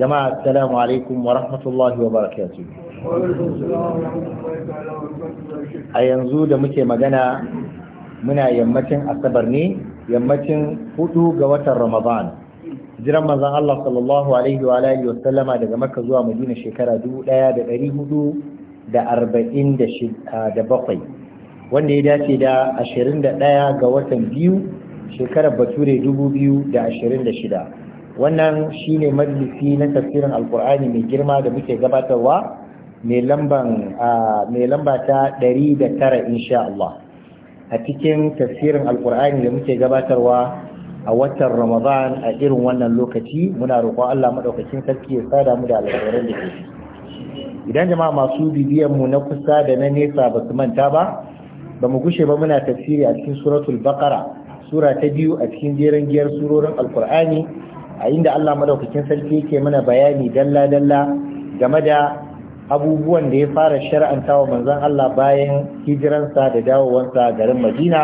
jama'a assalamu alaikum wa rahmatullahi wa barakatuh a yanzu da muke magana muna yammacin asabar ne yammacin hudu ga watan ramadan jiran mazan Allah sallallahu alaihi wa alihi wa sallama daga Makka zuwa Madina shekara 1447 wanda ya dace da 21 ga watan biyu shekarar Bature 2026 wannan shine majalisi na tafsirin alkur'ani mai girma da muke gabatarwa mai lamba ta ɗari 109 insha Allah a cikin tafsirin alkur'ani da muke gabatarwa a watan ramadan a irin wannan lokaci muna roƙon Allah maɗaukacin sarki ya sada mu da alƙawarin da ke idan jama'a masu bibiyanmu mu na kusa da na nesa ba su manta ba ba mu gushe ba muna tafsiri a cikin suratul baqara sura ta biyu a cikin jerin giyar surorin alkur'ani a inda Allah madaukakin sarki yake mana bayani dalla dalla game da abubuwan da ya fara shar'antawa wa manzon Allah bayan hijiransa da dawowarsa garin Madina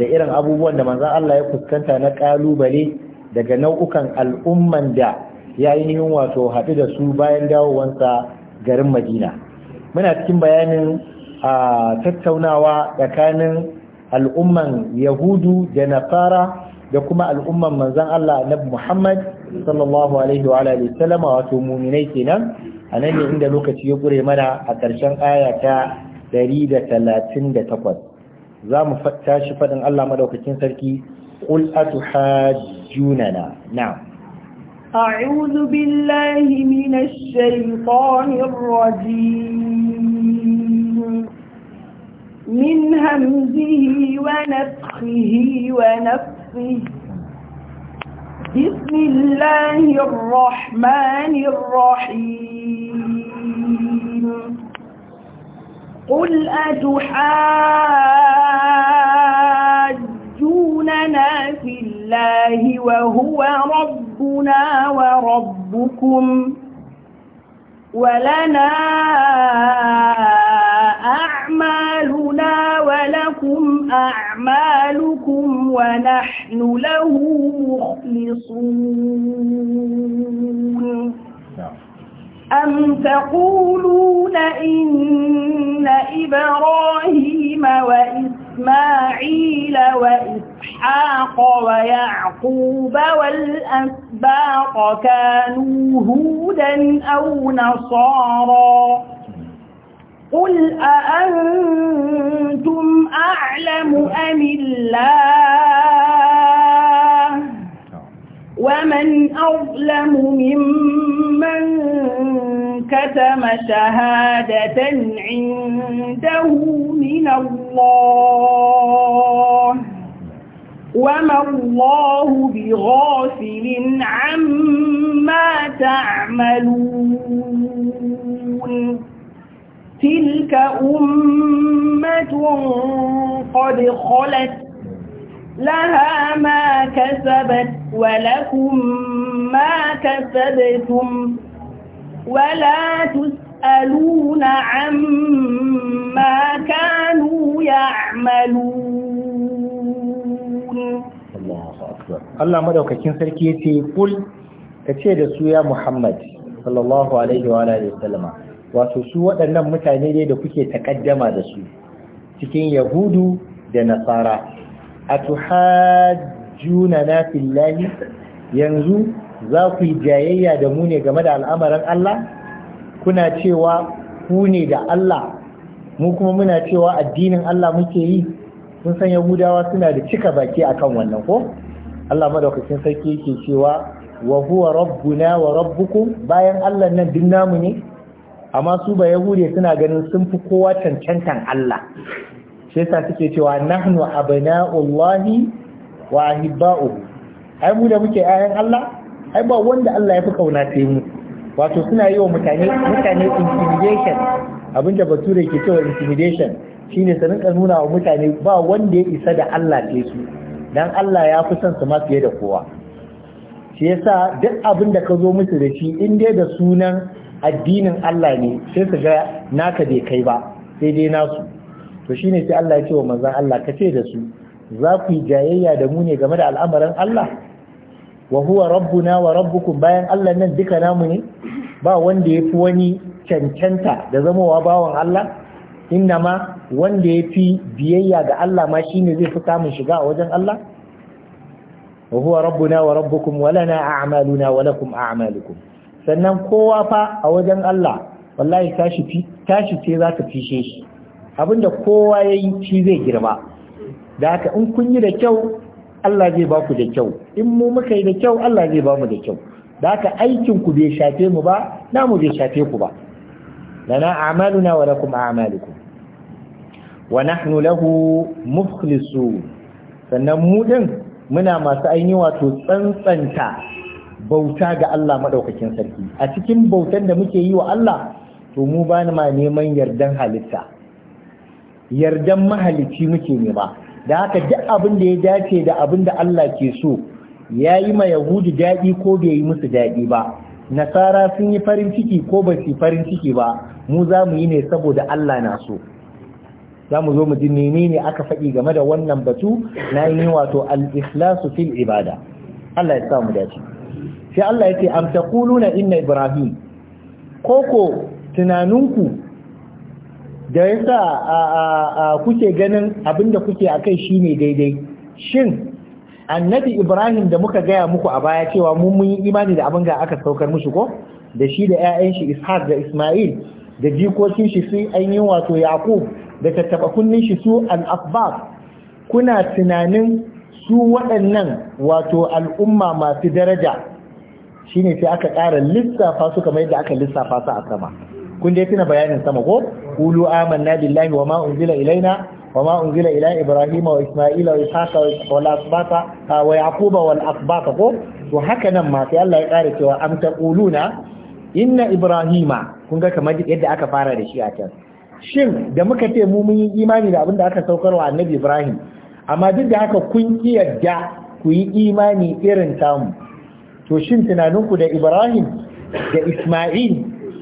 da irin abubuwan da manzon Allah ya fuskanta na kalubale daga nau'ukan al'umman da ya yi wato haɗu da su bayan dawowansa garin Madina muna cikin bayanin a tattaunawa tsakanin al'umman yahudu da nasara da kuma al'umman manzan Allah annabi Muhammad sallallahu alaihi wa alihi wasallam wato mu'minai kenan a nan ne inda lokaci ya kure mana a ƙarshen aya ta 138 za mu tashi faɗin Allah madaukakin sarki qul atuhajjunana na'am أعوذ بالله من الشيطان الرجيم من همزه ونفخه ونفخه بسم الله الرحمن الرحيم قل أتحاجوننا في الله وهو ربنا وربكم ولنا أعمالنا ولكم أعمالكم ونحن له مخلصون أم تقولون إن إبراهيم وإسماعيل وإسحاق ويعقوب والأسباط كانوا هودا أو نصارا قل أأنتم أعلم أم الله ومن أظلم ممن كتم شهادة عنده من الله وما الله بغافل عما تعملون تلك أمة قد خلت لها ما كسبت ولكم ما كسبتم ولا تسألون عما كانوا يعملون الله أكبر الله مدوك كنسر كيتي قل كتير سويا محمد صلى الله عليه وآله وسلم wato su waɗannan mutane ne da kuke taƙaddama da su cikin yahudu da nasara a tuhajjuna na fillahi yanzu za ku yi jayayya da mu ne game da al'amarin Allah kuna cewa ku ne da Allah mu kuma muna cewa addinin Allah muke yi sun san yahudawa suna da cika baki akan wannan ko Allah madaukakin sarki yake cewa wa huwa rabbuna wa rabbukum bayan Allah nan duk namu ne amma su ba yahude suna ganin sun fi kowa cancantan Allah shi yasa suke cewa nahnu abna'ullahi wa ahibba'uhu ai mu da muke ayan Allah ai ba wanda Allah ya fi kauna sai mu wato suna yi wa mutane mutane intimidation abinda bature ke cewa intimidation shine su rinka nuna wa mutane ba wanda ya isa da Allah sai su dan Allah ya fi son su ma fiye da kowa shi yasa duk abin da ka zo musu da shi in dai da sunan addinin Allah ne sai su ga naka bai kai ba sai dai nasu to shine sai Allah ya ce wa manzon Allah ka ce da su za ku yi jayayya da mu ne game da al'amarin Allah wa huwa rabbuna wa rabbukum bayan Allah nan duka namu ne ba wanda ya fi wani cancanta da zamowa bawan Allah inna ma wanda ya fi biyayya ga Allah ma shine zai fi samun shiga a wajen Allah wa huwa rabbuna wa rabbukum wa lana a'maluna wa lakum a'malukum sannan kowa fa a wajen Allah wallahi tashi tashi ce za ta fishe shi abinda kowa ya yi shi zai girma da haka in kun yi da kyau Allah zai ba ku da kyau in mu muka yi da kyau Allah zai ba mu da kyau da haka aikin ku bai shafe mu ba na mu bai shafe ku ba lana a'maluna wa lakum a'malukum wa nahnu lahu mukhlisun sannan mu din muna masu ainihi wato tsantsanta bauta ga Allah madaukakin sarki a cikin bautan da muke yi wa Allah to mu ba ma neman yardan halitta yardan mahalicci muke nema da haka duk abin da ya dace da abin da Allah ke so ya yi ma yahudi daɗi ko bai yi musu daɗi ba nasara sun yi farin ciki ko ba su farin ciki ba mu za mu yi ne saboda Allah na so za mu zo mu ji menene aka faɗi game da wannan batu na yi wato al-ikhlasu fil ibada Allah ya sa mu dace sai Allah yake am taquluna inna ibrahim koko tunaninku da yasa kuke ganin abinda kuke akai shine daidai shin annabi ibrahim da muka gaya muku a baya cewa mun mun yi imani da abin ga aka saukar mushi ko da shi da 'ya'yan shi ishaq da isma'il da jikokin shi an yi wato yaqub da tattaba kunnin shi su al-asbab kuna tunanin su waɗannan wato al'umma masu daraja ne sai aka ƙara lissafa su kamar yadda aka lissafa su a sama kun dai tuna bayanin sama ko aman amanna billahi wa ma unzila ilaina wa ma unzila ila ibrahima wa isma'ila wa ishaqa wa al-asbata wa yaquba wal asbata ko to haka nan ma sai Allah ya ƙara cewa am taquluna inna ibrahima kun ga kamar yadda aka fara da shi a can shin da muka ce mu mun yi imani da abin da aka wa annabi ibrahim amma duk da haka kun ki yadda ku yi imani irin tamu to shin tunaninku da Ibrahim da Isma'il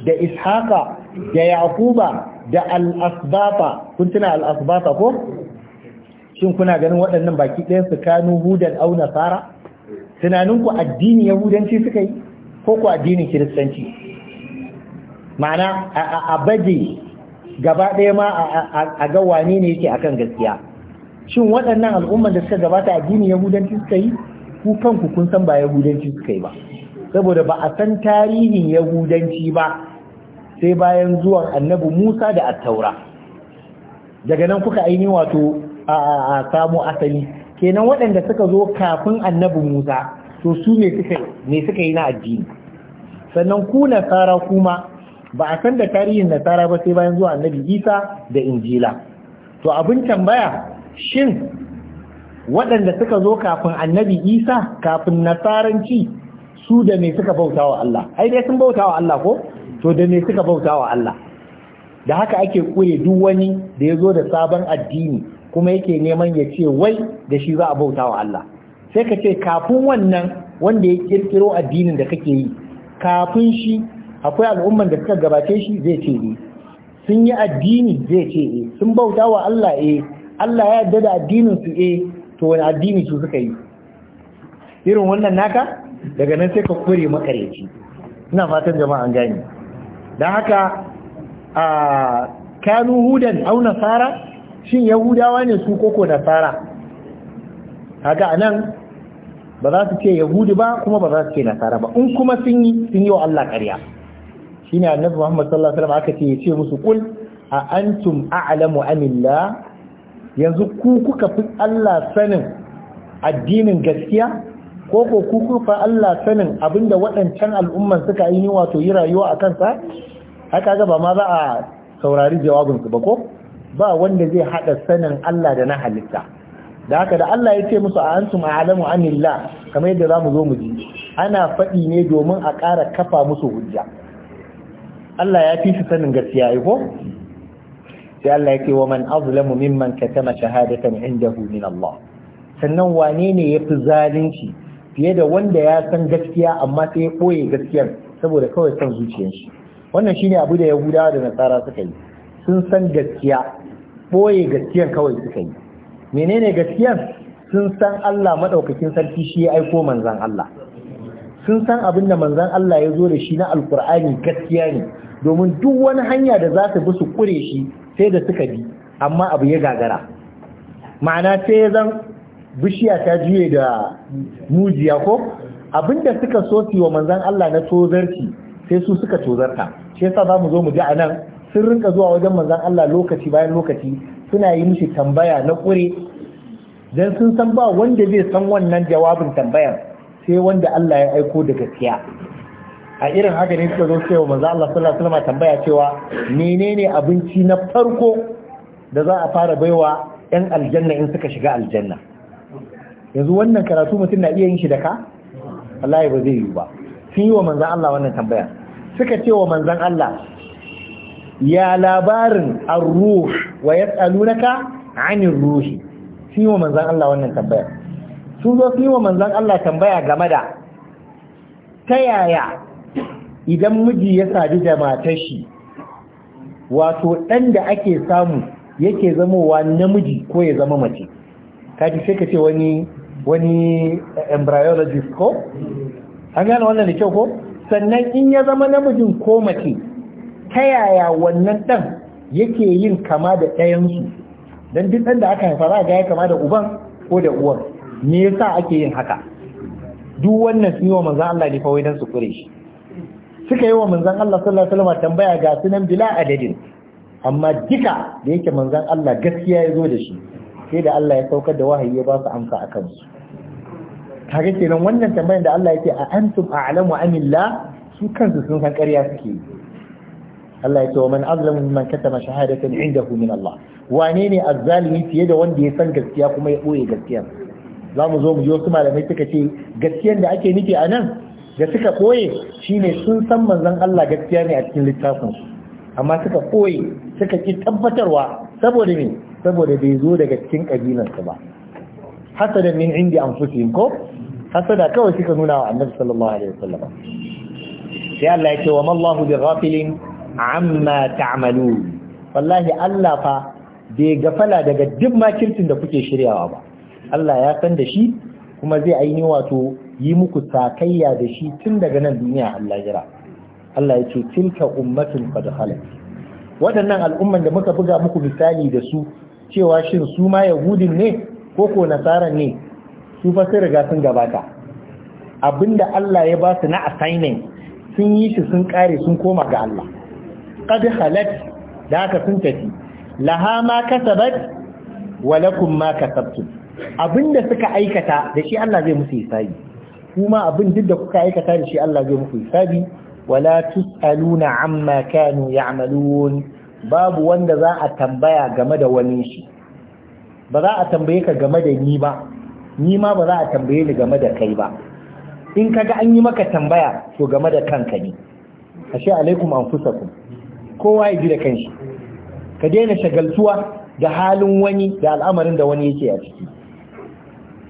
da ishaka da yakuba da al-asbata kun tuna al ko shin kuna ganin waɗannan baki ɗaya su kanu hudan au nasara tunaninku addini yahudanci suka yi ko ku addinin kiristanci ma'ana a baje gaba ɗaya ma a ga wane ne yake akan gaskiya shin waɗannan al'umman da suka gabata addini yahudanci suka yi ku kanku kun san ba yahudanci suka yi ba saboda ba a san tarihin yahudanci ba sai bayan zuwan annabi musa da attaura daga nan kuka aini wato a samu asali kenan waɗanda suka zo kafin annabi musa to su ne suka yi na addini sannan ku nasara kuma ba a san da tarihin nasara ba sai bayan zuwa annabi isa da injila to abin tambaya shin waɗanda suka zo kafin annabi isa kafin nasaranci su da me suka bauta wa Allah ai dai sun bauta wa Allah ko to da me suka bauta wa Allah da haka ake kure duk wani da ya zo da sabon addini kuma yake neman ya ce wai da shi za a bauta wa Allah sai ka ce kafin wannan wanda ya kirkiro addinin da kake yi kafin shi akwai al'umman da suka gabace shi zai ce ne eh. sun yi addini zai ce eh sun bauta wa Allah eh Allah ya yarda da addinin su e. Eh. to wani addini su suka yi irin wannan naka daga nan sai ka kure makareci ina fatan jama'a an gane don haka a kanu hudan au nasara shin yahudawa ne su koko nasara haka anan ba za su ce yahudi ba kuma ba za su ce nasara ba in kuma sun yi sun yi wa Allah ƙarya shine annabi Muhammad sallallahu alaihi wasallam aka ce ya ce musu kul a antum a'lamu amillah yanzu ku kuka fi Allah sanin addinin gaskiya ko ko ku kuka Allah sanin abinda waɗancan al'umman suka yi wato yi rayuwa a kansa haka ga ma za a saurari jawabinsu ba ko ba wanda zai haɗa sanin Allah da na halitta da haka da Allah ya ce musu a antum a'lamu anillah kamar yadda zamu zo mu ji ana faɗi ne domin a ƙara kafa musu hujja Allah ya fi su sanin gaskiya ko sai Allah yake wa man azlamu mimman katama shahadatan indahu min Allah sannan wane ne yafi zalunci fiye da wanda ya san gaskiya amma sai ya ɓoye gaskiyar saboda kawai son zuciyar shi wannan shine abu da yahudawa da nasara suka yi sun san gaskiya ɓoye gaskiyar kawai suka yi menene gaskiyar sun san Allah maɗaukakin sarki shi ya aiko manzan Allah sun san abin da manzan Allah ya zo da shi na alkur'ani gaskiya ne domin duk wani hanya da za su bi su kure shi sai da suka bi amma abu ya gagara ma'ana sai zan bishiya ta juye da mujiya ko abinda suka so su wa manzan Allah na tozarci sai su suka tozarta shi yasa za mu zo mu ji a nan sun rinka zuwa wajen manzan Allah lokaci bayan lokaci suna yi mishi tambaya na kure dan sun san ba wanda zai san wannan jawabin tambayar sai wanda Allah ya aiko da gaskiya a irin haka ne suka zo cewa manzo Allah sallallahu alaihi wasallam tambaya cewa menene abinci na farko da za a fara baiwa yan aljanna in suka shiga aljanna yanzu wannan karatu mutum na iya yin shi da ka wallahi ba zai yi ba sun yi wa manzan Allah wannan tambaya suka ce wa manzan Allah ya labarin ar-ruh wa yas'alunaka 'anil ruhi sun yi wa manzan Allah wannan tambaya sun zo sun yi wa manzan Allah tambaya game da ta yaya idan miji ya sadu da matar shi wato ɗan da ake samu yake zamowa namiji ko ya zama mace kaji sai ka ce wani wani embryologist ko an gane wannan da kyau ko sannan in ya zama namijin ko mace ta yaya wannan ɗan yake yin kama da ɗayansu don duk ɗan da aka haifa za ga ya kama da uban ko da uwan me yasa ake yin haka duk wannan sun yi wa manzan Allah ne fa wai dan su kure shi suka yi wa manzan Allah sallallahu alaihi wasallam tambaya ga sunan bila adadin amma duka da yake manzan Allah gaskiya ya zo da shi sai da Allah ya saukar da wahayi ya ba su amsa a kansu kage kenan wannan tambayar da Allah ce a antum a'lamu amilla su kansu sun san ƙarya suke Allah ya ce wa man azlamu mimman katama shahadatan indahu min Allah wane ne azzalimi fiye da wanda ya san gaskiya kuma ya boye gaskiya zamu zo mu ji wasu malamai suka ce gaskiyar da ake nufi anan? da suka koye shine sun san manzon Allah gaskiya ne a cikin littafin su amma suka koye suka ki tabbatarwa saboda me saboda bai zo daga cikin kabilan su ba hasada min indi anfusihim ko hasada kawai suka nuna wa annabi sallallahu alaihi wasallam sai Allah ya ce wa mallahu bi ghafilin amma ta'malun wallahi Allah fa bai gafala daga duk makircin da kuke shiryawa ba Allah ya san da shi kuma zai aini wato yi muku sakayya da shi tun daga nan duniya Allah jira Allah ya ce tilka ummatin qad khalat waɗannan al'umman da muka buga muku misali da su cewa shin su ma yahudin ne ko ko nasaran ne su fa sai riga sun gabata abinda Allah ya ba su na assignment sun yi shi sun kare sun koma ga Allah qad khalat da aka sun tafi laha ma kasabat wa lakum ma kasabtum abinda suka aikata da shi Allah zai musu hisabi kuma abin duk da kuka aikata da shi Allah zai muku hisabi wala tusaluna amma kanu ya'malun babu wanda za a tambaya game da wani shi ba za a tambaye ka game da ni ba ni ma ba za a tambaye ni game da kai ba in kaga an yi maka tambaya to game da kanka ne ashe alaikum anfusakum kowa ya ji da kanshi ka daina shagaltuwa da halin wani da al'amarin da wani yake a ciki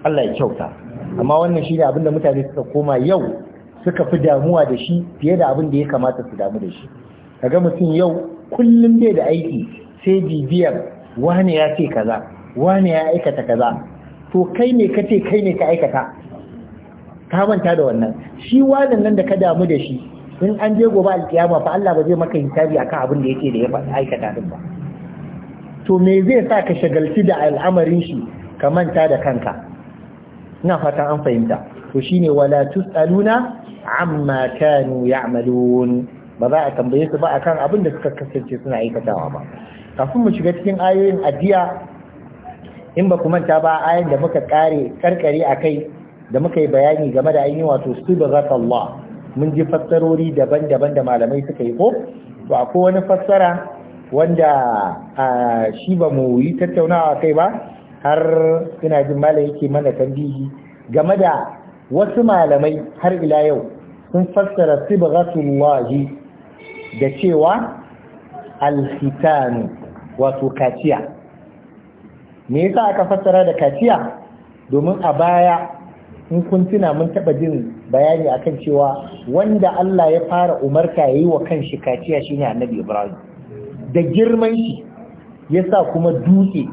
Allah ya kyauta amma wannan shi ne abinda mutane suka koma yau suka fi damuwa da shi fiye da abin ya kamata su damu da shi kaga mutum yau kullum bai da aiki sai bibiyar wane ya ce kaza wane ya aikata kaza to kai ne ka ce kai ne ka aikata ka manta da wannan shi wannan nan da ka damu da shi in an je gobe alkiyama fa Allah ba zai maka hisabi akan abin da yake da ya aikata din ba to me zai sa ka shagalci da al'amarin shi ka manta da kanka ina fatan an fahimta to shine wala tusaluna amma kanu ya'malun ba za a tambaye su ba akan abin da suka kasance suna aikatawa ba kafin mu shiga cikin ayoyin addiya in ba ku manta ba ayoyin da muka kare karkare a kai da muka yi bayani game da ainihin wato subhanallah mun ji fassarori daban-daban da malamai suka yi ko to akwai wani fassara wanda ah, shi ba mu yi tattaunawa kai ba har ina jin mala yake mana tambihi game da wasu malamai har ila yau sun fassara sibghatullahi da cewa Alhitanu, wato kaciya me yasa aka fassara da kaciya domin a baya in kun tuna mun taba jin bayani akan cewa wanda Allah ya fara umarta yayi wa kanshi kaciya shine Annabi Ibrahim da girman shi yasa kuma dutse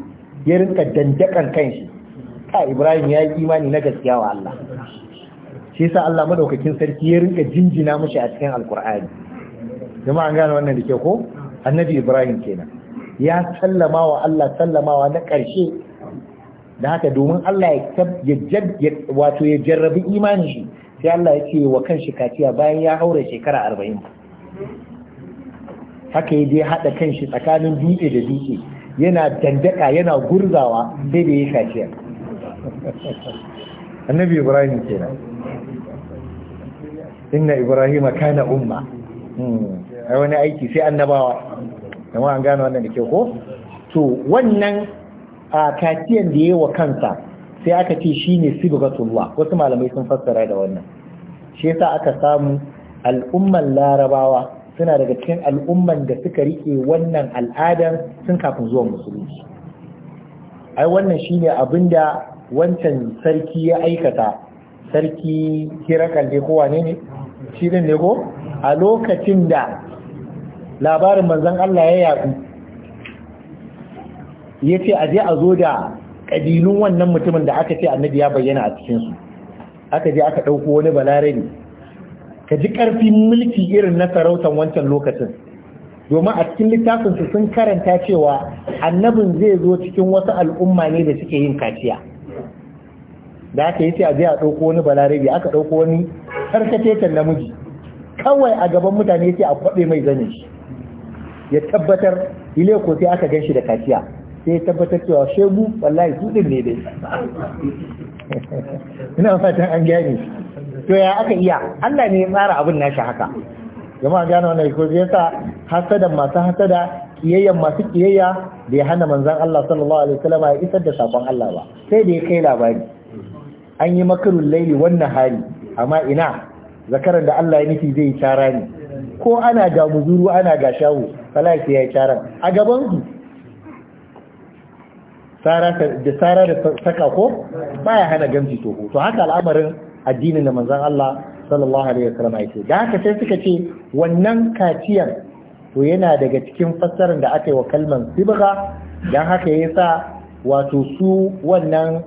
ya rinka dandakan kanshi A Ibrahim ya yi imani na gaskiya wa Allah shi yasa Allah madaukakin sarki ya rinka jinjina mushi a cikin alkur'ani jama'a an gane wannan da ke ko annabi Ibrahim kenan ya sallama wa Allah sallamawa na ƙarshe da haka domin Allah ya jab ya wato ya jarrabi imani shi sai Allah ya ce wa kan shi kaciya bayan ya haura shekara arba'in haka ya je haɗa kan shi tsakanin dutse da dutse yana dandaka yana gurzawa sai da yi kaciya annabi ibrahim kenan inna ibrahim kana umma hmm. ai wani aiki sai annabawa kuma an gano wannan da ke ko to wannan a kaciyan da ya yi wa kansa sai aka ce shine sibghatullah wasu malamai sun fassara da wannan shi yasa aka samu al'umman larabawa suna daga cikin al'umman da suka rike wannan al'adar tun kafin zuwa musulunci ai wannan shine abin da wancan sarki ya aikata sarki hirakal ne ko wane ne shi ne ko a lokacin da labarin manzon Allah ya yaɗu ya ce a je a zo da ƙabilun wannan mutumin da aka ce annabi ya bayyana a cikinsu aka je aka ɗauko wani ne. ka ji ƙarfin mulki irin na sarautan wancan lokacin domin a cikin littafinsu sun karanta cewa annabin zai zo cikin wasu al'umma ne da suke yin kaciya da aka yi ce a je a ɗauko wani balarabi aka ɗauko wani karkacetan namiji kawai a gaban mutane ce a kwaɓe mai zanin shi ya tabbatar ile ko sai aka gan shi da kaciya sai ya tabbatar cewa shegu wallahi su ɗin ne dai ina fatan an gane to ya aka iya Allah ne ya tsara abin nashi haka jama'a gano wannan ko zai sa hasada masu hasada kiyayyan masu kiyayya da ya hana manzon Allah sallallahu alaihi wasallam ya isar da sakon Allah ba sai da ya kai labari an yi makarun laili wannan hari amma ina zakaran da Allah ya nufi zai yi cara ne ko ana ga muzuru ana ga shawo fala sai ya cara a gaban su da sara da saka ko baya hana gamji toho to haka al'amarin addinin da manzan Allah sallallahu alaihi wasallam yake da haka sai suka ce wannan kaciyar to yana daga cikin fassarar da aka yi wa kalmar sibga dan haka yasa wato su wannan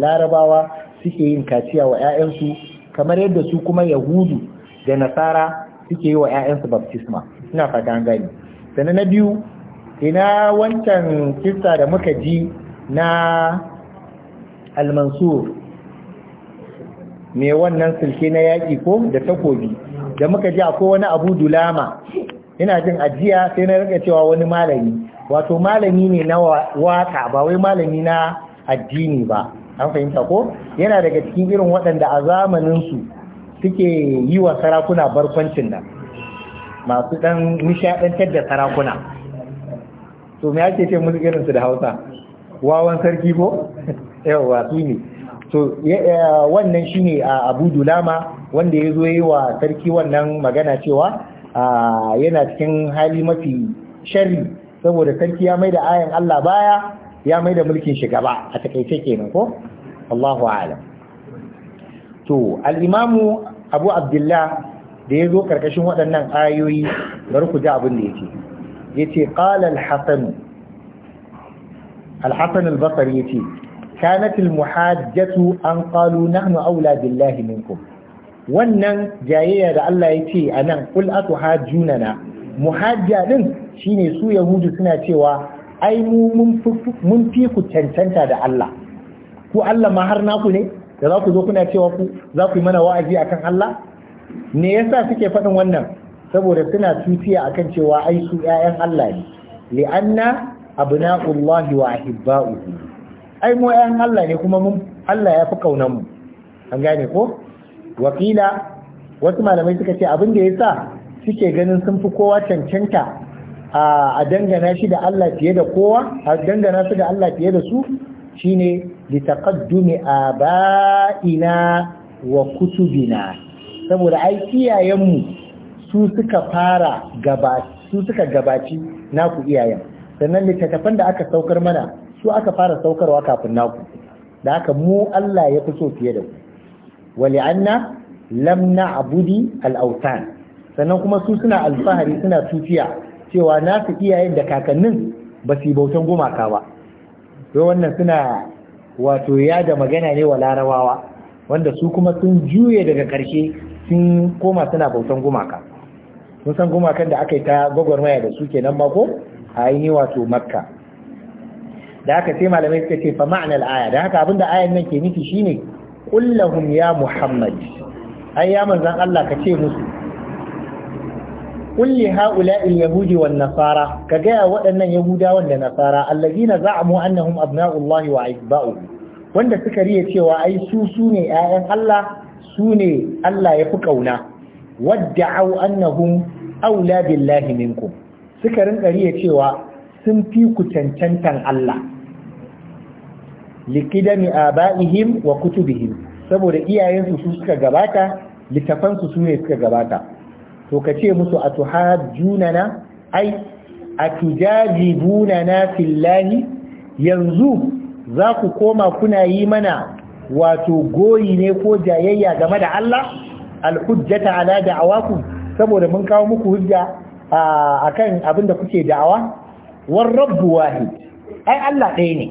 larabawa suke yin kaciya wa 'ya'yansu kamar yadda su kuma yahudu da nasara suke yi wa 'ya'yansu baptisma ina fata an gani sannan na biyu ina wancan kista da muka ji na almansur Me wannan sulke na yaƙi ko da takobi da muka ji akwai wani abu dulama ina jin ajiya sai na rika cewa wani malami wato malami ne na waka ba wai malami na addini ba an fahimta ko yana daga cikin irin waɗanda a zamaninsu suke yi wa sarakuna barkwancin nan masu ɗan nishaɗantar da sarakuna to me ake ce musu irinsu da hausa wawan sarki ko yawa su ne to wannan shine a abu dulama wanda ya zo yi wa sarki wannan magana cewa yana cikin hali mafi shari saboda sarki ya mai da ayan Allah baya ya mai da mulkin shi gaba a takaice kenan ko Allahu a'lam to al-imamu Abu Abdullah da ya zo karkashin waɗannan ayoyi bari ku ji abin da yake yace qala al-hasan al-hasan al-basri yace kanatil muhajjatu an qalu nahnu aula billahi minkum wannan jayayya da Allah ya ce a nan kul na. muhajja din shine su yahudu suna cewa ai mu mun fi ku cancanta da Allah ku Allah ma har naku ne da za ku zo kuna cewa ku za ku yi mana wa'azi akan Allah me yasa suke faɗin wannan saboda suna tutiya akan cewa ai su 'ya'yan Allah ne li'anna abna'ullahi wa ahibba'uhu ai mu ƴan Allah ne kuma mun Allah ya fi kaunan mu an gane ko wakila wasu malamai suka ce abin da yasa suke ganin sun fi kowa cancanta a dangana shi da Allah fiye da kowa a dangana su da Allah fiye da su shine li taqaddumi abaina wa kutubina saboda ai mu su suka fara gaba su suka gabaci naku iyayen sannan littattafan da aka saukar mana su aka fara saukarwa kafin naku da aka mu Allah ya fi so fiye da ku wali anna lam na'budi al-awtan sannan kuma su suna alfahari suna tufiya cewa na nasu iyayen da kakannin ba su bautan gumaka ba sai wannan suna wato ya da magana ne wa larabawa wanda su kuma sun juye daga karshe sun koma suna bautan gumaka sun san gumakan da aka yi ta gwagwarmaya da su kenan ko a yi wato makka da haka sai malamai suka ce fa ma'anar aya da haka abinda ayan nan ke nufi shine kullahum ya muhammad ai ya manzan Allah ka ce musu kulli haula yahudi wan nasara ka ga waɗannan yahudawan da nasara allazina za'amu annahum abna'ullahi wa ahibba'u wanda suka riya cewa ai su su ne ƴaƴan Allah su ne Allah ya fi kauna wadda'u annahum aula billahi minkum suka rinka riya cewa sun fi ku cancantan Allah likidami aba'ihim wa kutubihim saboda iyayensu su suka gabata littafansu su ne suka gabata to ka ce musu a tuhajjunana ai a tujajibunana fillahi yanzu za ku koma kuna yi mana wato goyi ne ko jayayya game da Allah alhujjata ala da'awakum saboda mun kawo muku hujja akan abin da kuke da'awa war rabbu wahid ai Allah ɗaya ne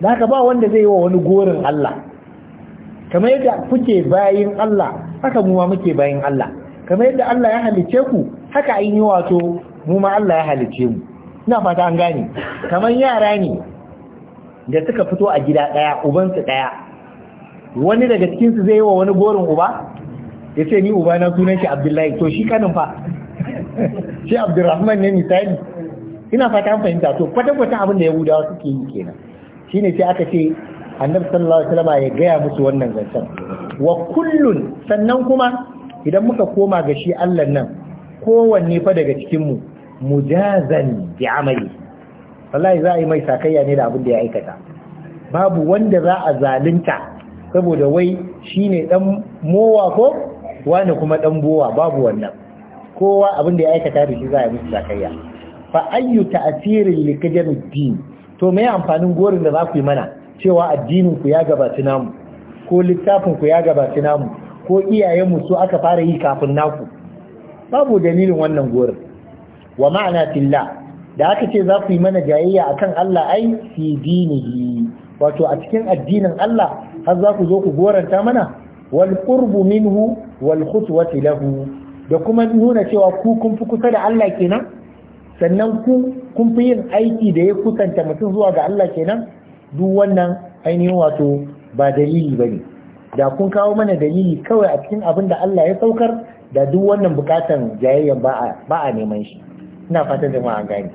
da haka ba wanda zai yi wa wani gorin Allah kamar yadda kuke bayin Allah haka mu ma muke bayin Allah kamar yadda Allah ya halice ku haka an yi wato mu ma Allah ya halice mu ina fata an gane kamar yara ne da suka fito a gida ɗaya ubansu ɗaya wani daga cikinsu zai yi wa wani gorin uba ya ce ni uba na sunan shi abdullahi to shi kanin fa shi abdurrahman ne misali ina fata an fahimta to kwata-kwata abin da yahudawa suke yi kenan shine sai aka ce annabi sallallahu alaihi wasallam ya gaya musu wannan zancen wa kullun sannan kuma idan muka koma ga shi Allah nan kowanne fa daga cikin mu mujazan bi amali wallahi za a yi mai sakayya ne da abin da ya aikata babu wanda za a zalunta saboda wai shine dan mowa ko wani kuma dan bowa babu wannan kowa abin da ya aikata da shi za a yi musu sakayya fa ayyu ta'sirin li to me amfanin gorin da za ku yi mana cewa addinin ku ya gabaci namu ko littafin ku ya gabatu namu ko iyayenmu su aka fara yi kafin naku babu dalilin wannan gorin wa ma'ana tilla da aka ce za ku yi mana jayayya akan Allah ai fi dinihi wato a cikin addinin Allah har za ku zo ku goranta mana wal qurbu minhu wal khutwati lahu da kuma nuna cewa ku kun fi kusa da Allah kenan sannan kun fi yin aiki da ya kusanta mutum zuwa ga Allah kenan duk wannan ainihin wato ba dalili ba ne da kun kawo mana dalili kawai a cikin abin da Allah ya saukar da duk wannan bukatan jayayyar ba a neman shi ina fatan jama'a gani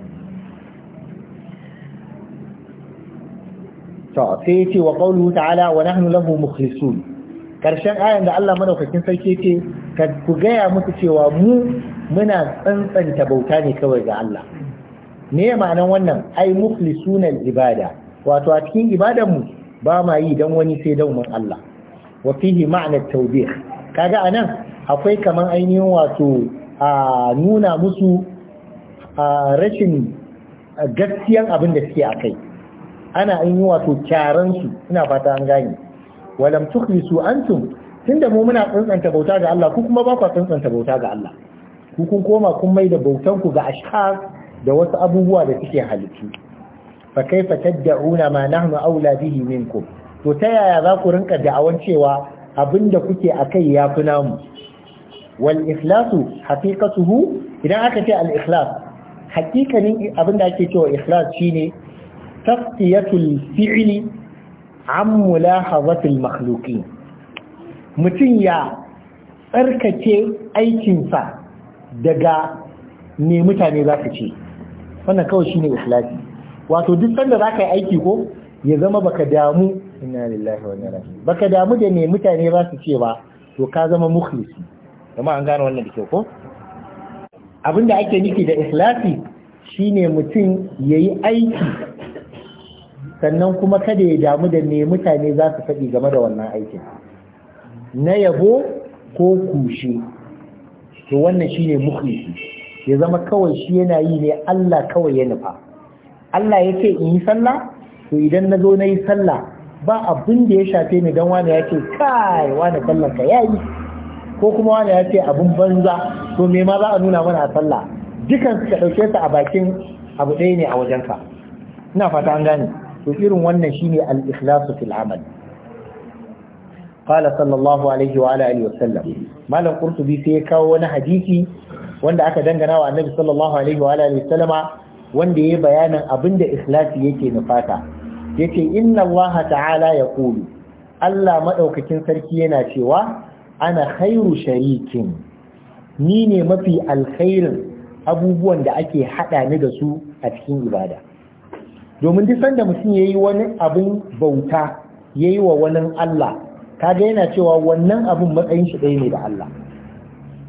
sai ya ce wa qawluhu ta'ala wa nahnu lahu mukhlisun karshen ayan da Allah madaukakin sarki ce ka ku gaya musu cewa mu muna tsantsanta bauta ne kawai ga Allah me ya ma'anan wannan ai muflisuna ibada wato a cikin ibadan mu ba ma yi dan wani sai dan mun Allah wa fihi ma'ana tawbih kaga anan akwai kaman ainihin wato a nuna musu a rashin gaskiyan abin da suke akai ana ainihin wato kyaran su ina fata an gane walam tukhlisu antum tunda mu muna tsantsanta bauta ga Allah ku kuma ba ku tsantsanta bauta ga Allah ku kun koma kun mai da bautan ku ga ashkar da wasu abubuwa da suke halittu fa kaifa tad'una ma nahnu aula bihi minkum to ta yaya za ku rinka da'awan cewa abinda kuke akai ya fi namu wal ikhlasu haqiqatuhu idan aka ce al ikhlas haqiqanin abinda ake cewa ikhlas shine tafsiyatul fi'li an mulahazatil makhluki mutum ya tsarkake aikinsa daga ne mutane za ka ce wannan kawai shine ikhlasi wato duk sanda za ka yi aiki ko ya zama baka damu inna lillahi wa inna ilaihi baka damu da ne mutane za su ce ba to ka zama mukhlisi kuma an gane wannan da ke ko abinda ake nufi da ikhlasi shine mutum yayi aiki sannan kuma kada ya damu da me mutane za su faɗi game da wannan aikin na yabo ko kushe to wannan shine mukhlisi ya zama kawai shi yana yi ne Allah kawai ya nufa Allah ya in yi sallah to idan na zo na yi sallah ba abin da ya shafe ni dan wani ya ce kai wani sallar ka yayi ko kuma wani ya ce abin banza to me ma za a nuna mana a sallah dukan su ka dauke su a bakin abu ɗaya ne a wajenka ina fata an gane to irin wannan shine al-ikhlasu fil amal qala sallallahu alaihi wa ala alihi wasallam malam qurtubi sai ya kawo wani hadisi wanda aka dangana wa annabi sallallahu alaihi wa ala alihi wasallama wanda yayi bayanin abinda ikhlasi yake nufata yace inna allaha ta'ala yaqulu Allah madaukakin sarki yana cewa ana khairu sharikin ni ne mafi alkhairin abubuwan da ake hada ni da su a cikin ibada domin duk sanda mutum ya yi wani abin bauta ya yi wa wani Allah kaga yana cewa wannan abin matsayin shi ɗaya ne da Allah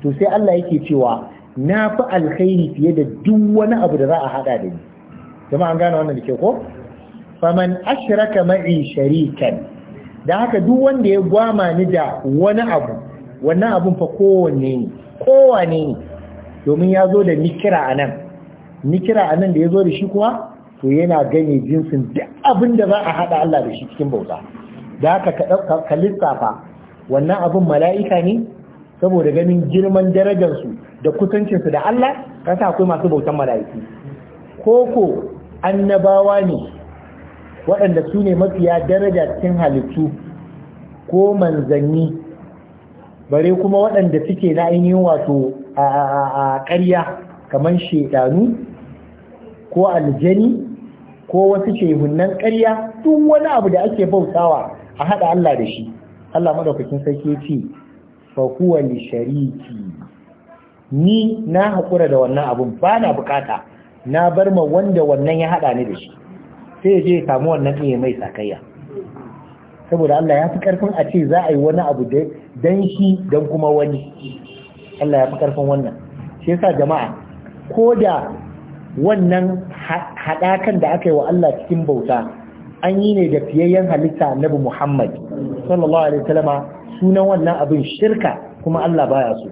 to sai Allah yake cewa na fi alkhairi fiye da duk wani abu da za a haɗa da ni jama'a an gane wannan da ke ko faman ashraka ma'i sharikan da haka duk wanda ya gwama ni da wani abu wannan abun fa kowanne ne kowanne ne domin ya zo da nikira a nan nikira a nan da ya zo da shi kuwa to yana gane jinsin duk abin da za a haɗa Allah da shi cikin bauta da haka ka lissafa wannan abin mala'ika ne saboda ganin girman darajarsu da kusancinsu da Allah kasa akwai masu bautan mala'iki koko annabawa ne waɗanda su ne mafiya daraja cikin halittu ko manzanni bare kuma waɗanda suke na ainihin wato a ƙarya kamar shedanu ko aljani ko wasu shehunan ƙarya duk wani abu da ake bautawa a haɗa Allah da shi Allah madaukakin sarki ce fa huwa li shariki ni na hakura da wannan abun bana na bukata na bar ma wanda wannan ya haɗa ni da shi sai je ya samu wannan ɗaya mai sakayya saboda Allah ya fi ƙarfin a ce za a yi wani abu da dan shi dan kuma wani Allah ya fi ƙarfin wannan shi yasa jama'a ko da wannan haɗakan da aka yi wa Allah cikin bauta an yi ne da fiyayyen halitta nabi Muhammad sallallahu alaihi wasallama sunan wannan abin shirka kuma Allah baya so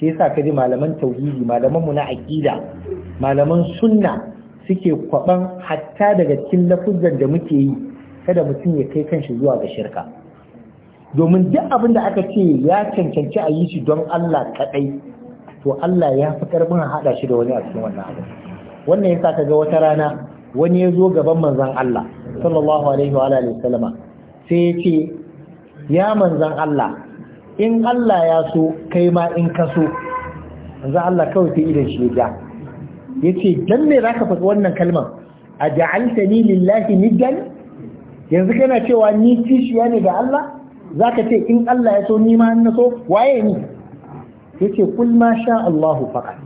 shi yasa ka ji malaman tauhidi malaman mu na aqida malaman sunna suke kwaban hatta daga cikin lafuzan da muke yi kada mutum ya kai kanshi zuwa ga shirka domin duk abin da aka ce ya cancanci a yi shi don Allah kadai to Allah ya fi a haɗa shi da wani a cikin wannan abu wannan yasa kaga wata rana wani ya zo gaban manzon Allah sallallahu alaihi wa alihi wasallama sai ya ce ya manzon Allah in Allah ya so kai ma in ka so manzon Allah kawai sai idan shi ya ja. yace dan me zaka faɗi wannan kalmar ni lillahi niddan yanzu kana cewa ni kishiya ne ga Allah zaka ce in Allah ya so ni ma na so waye ni yace kul ma sha Allahu faqat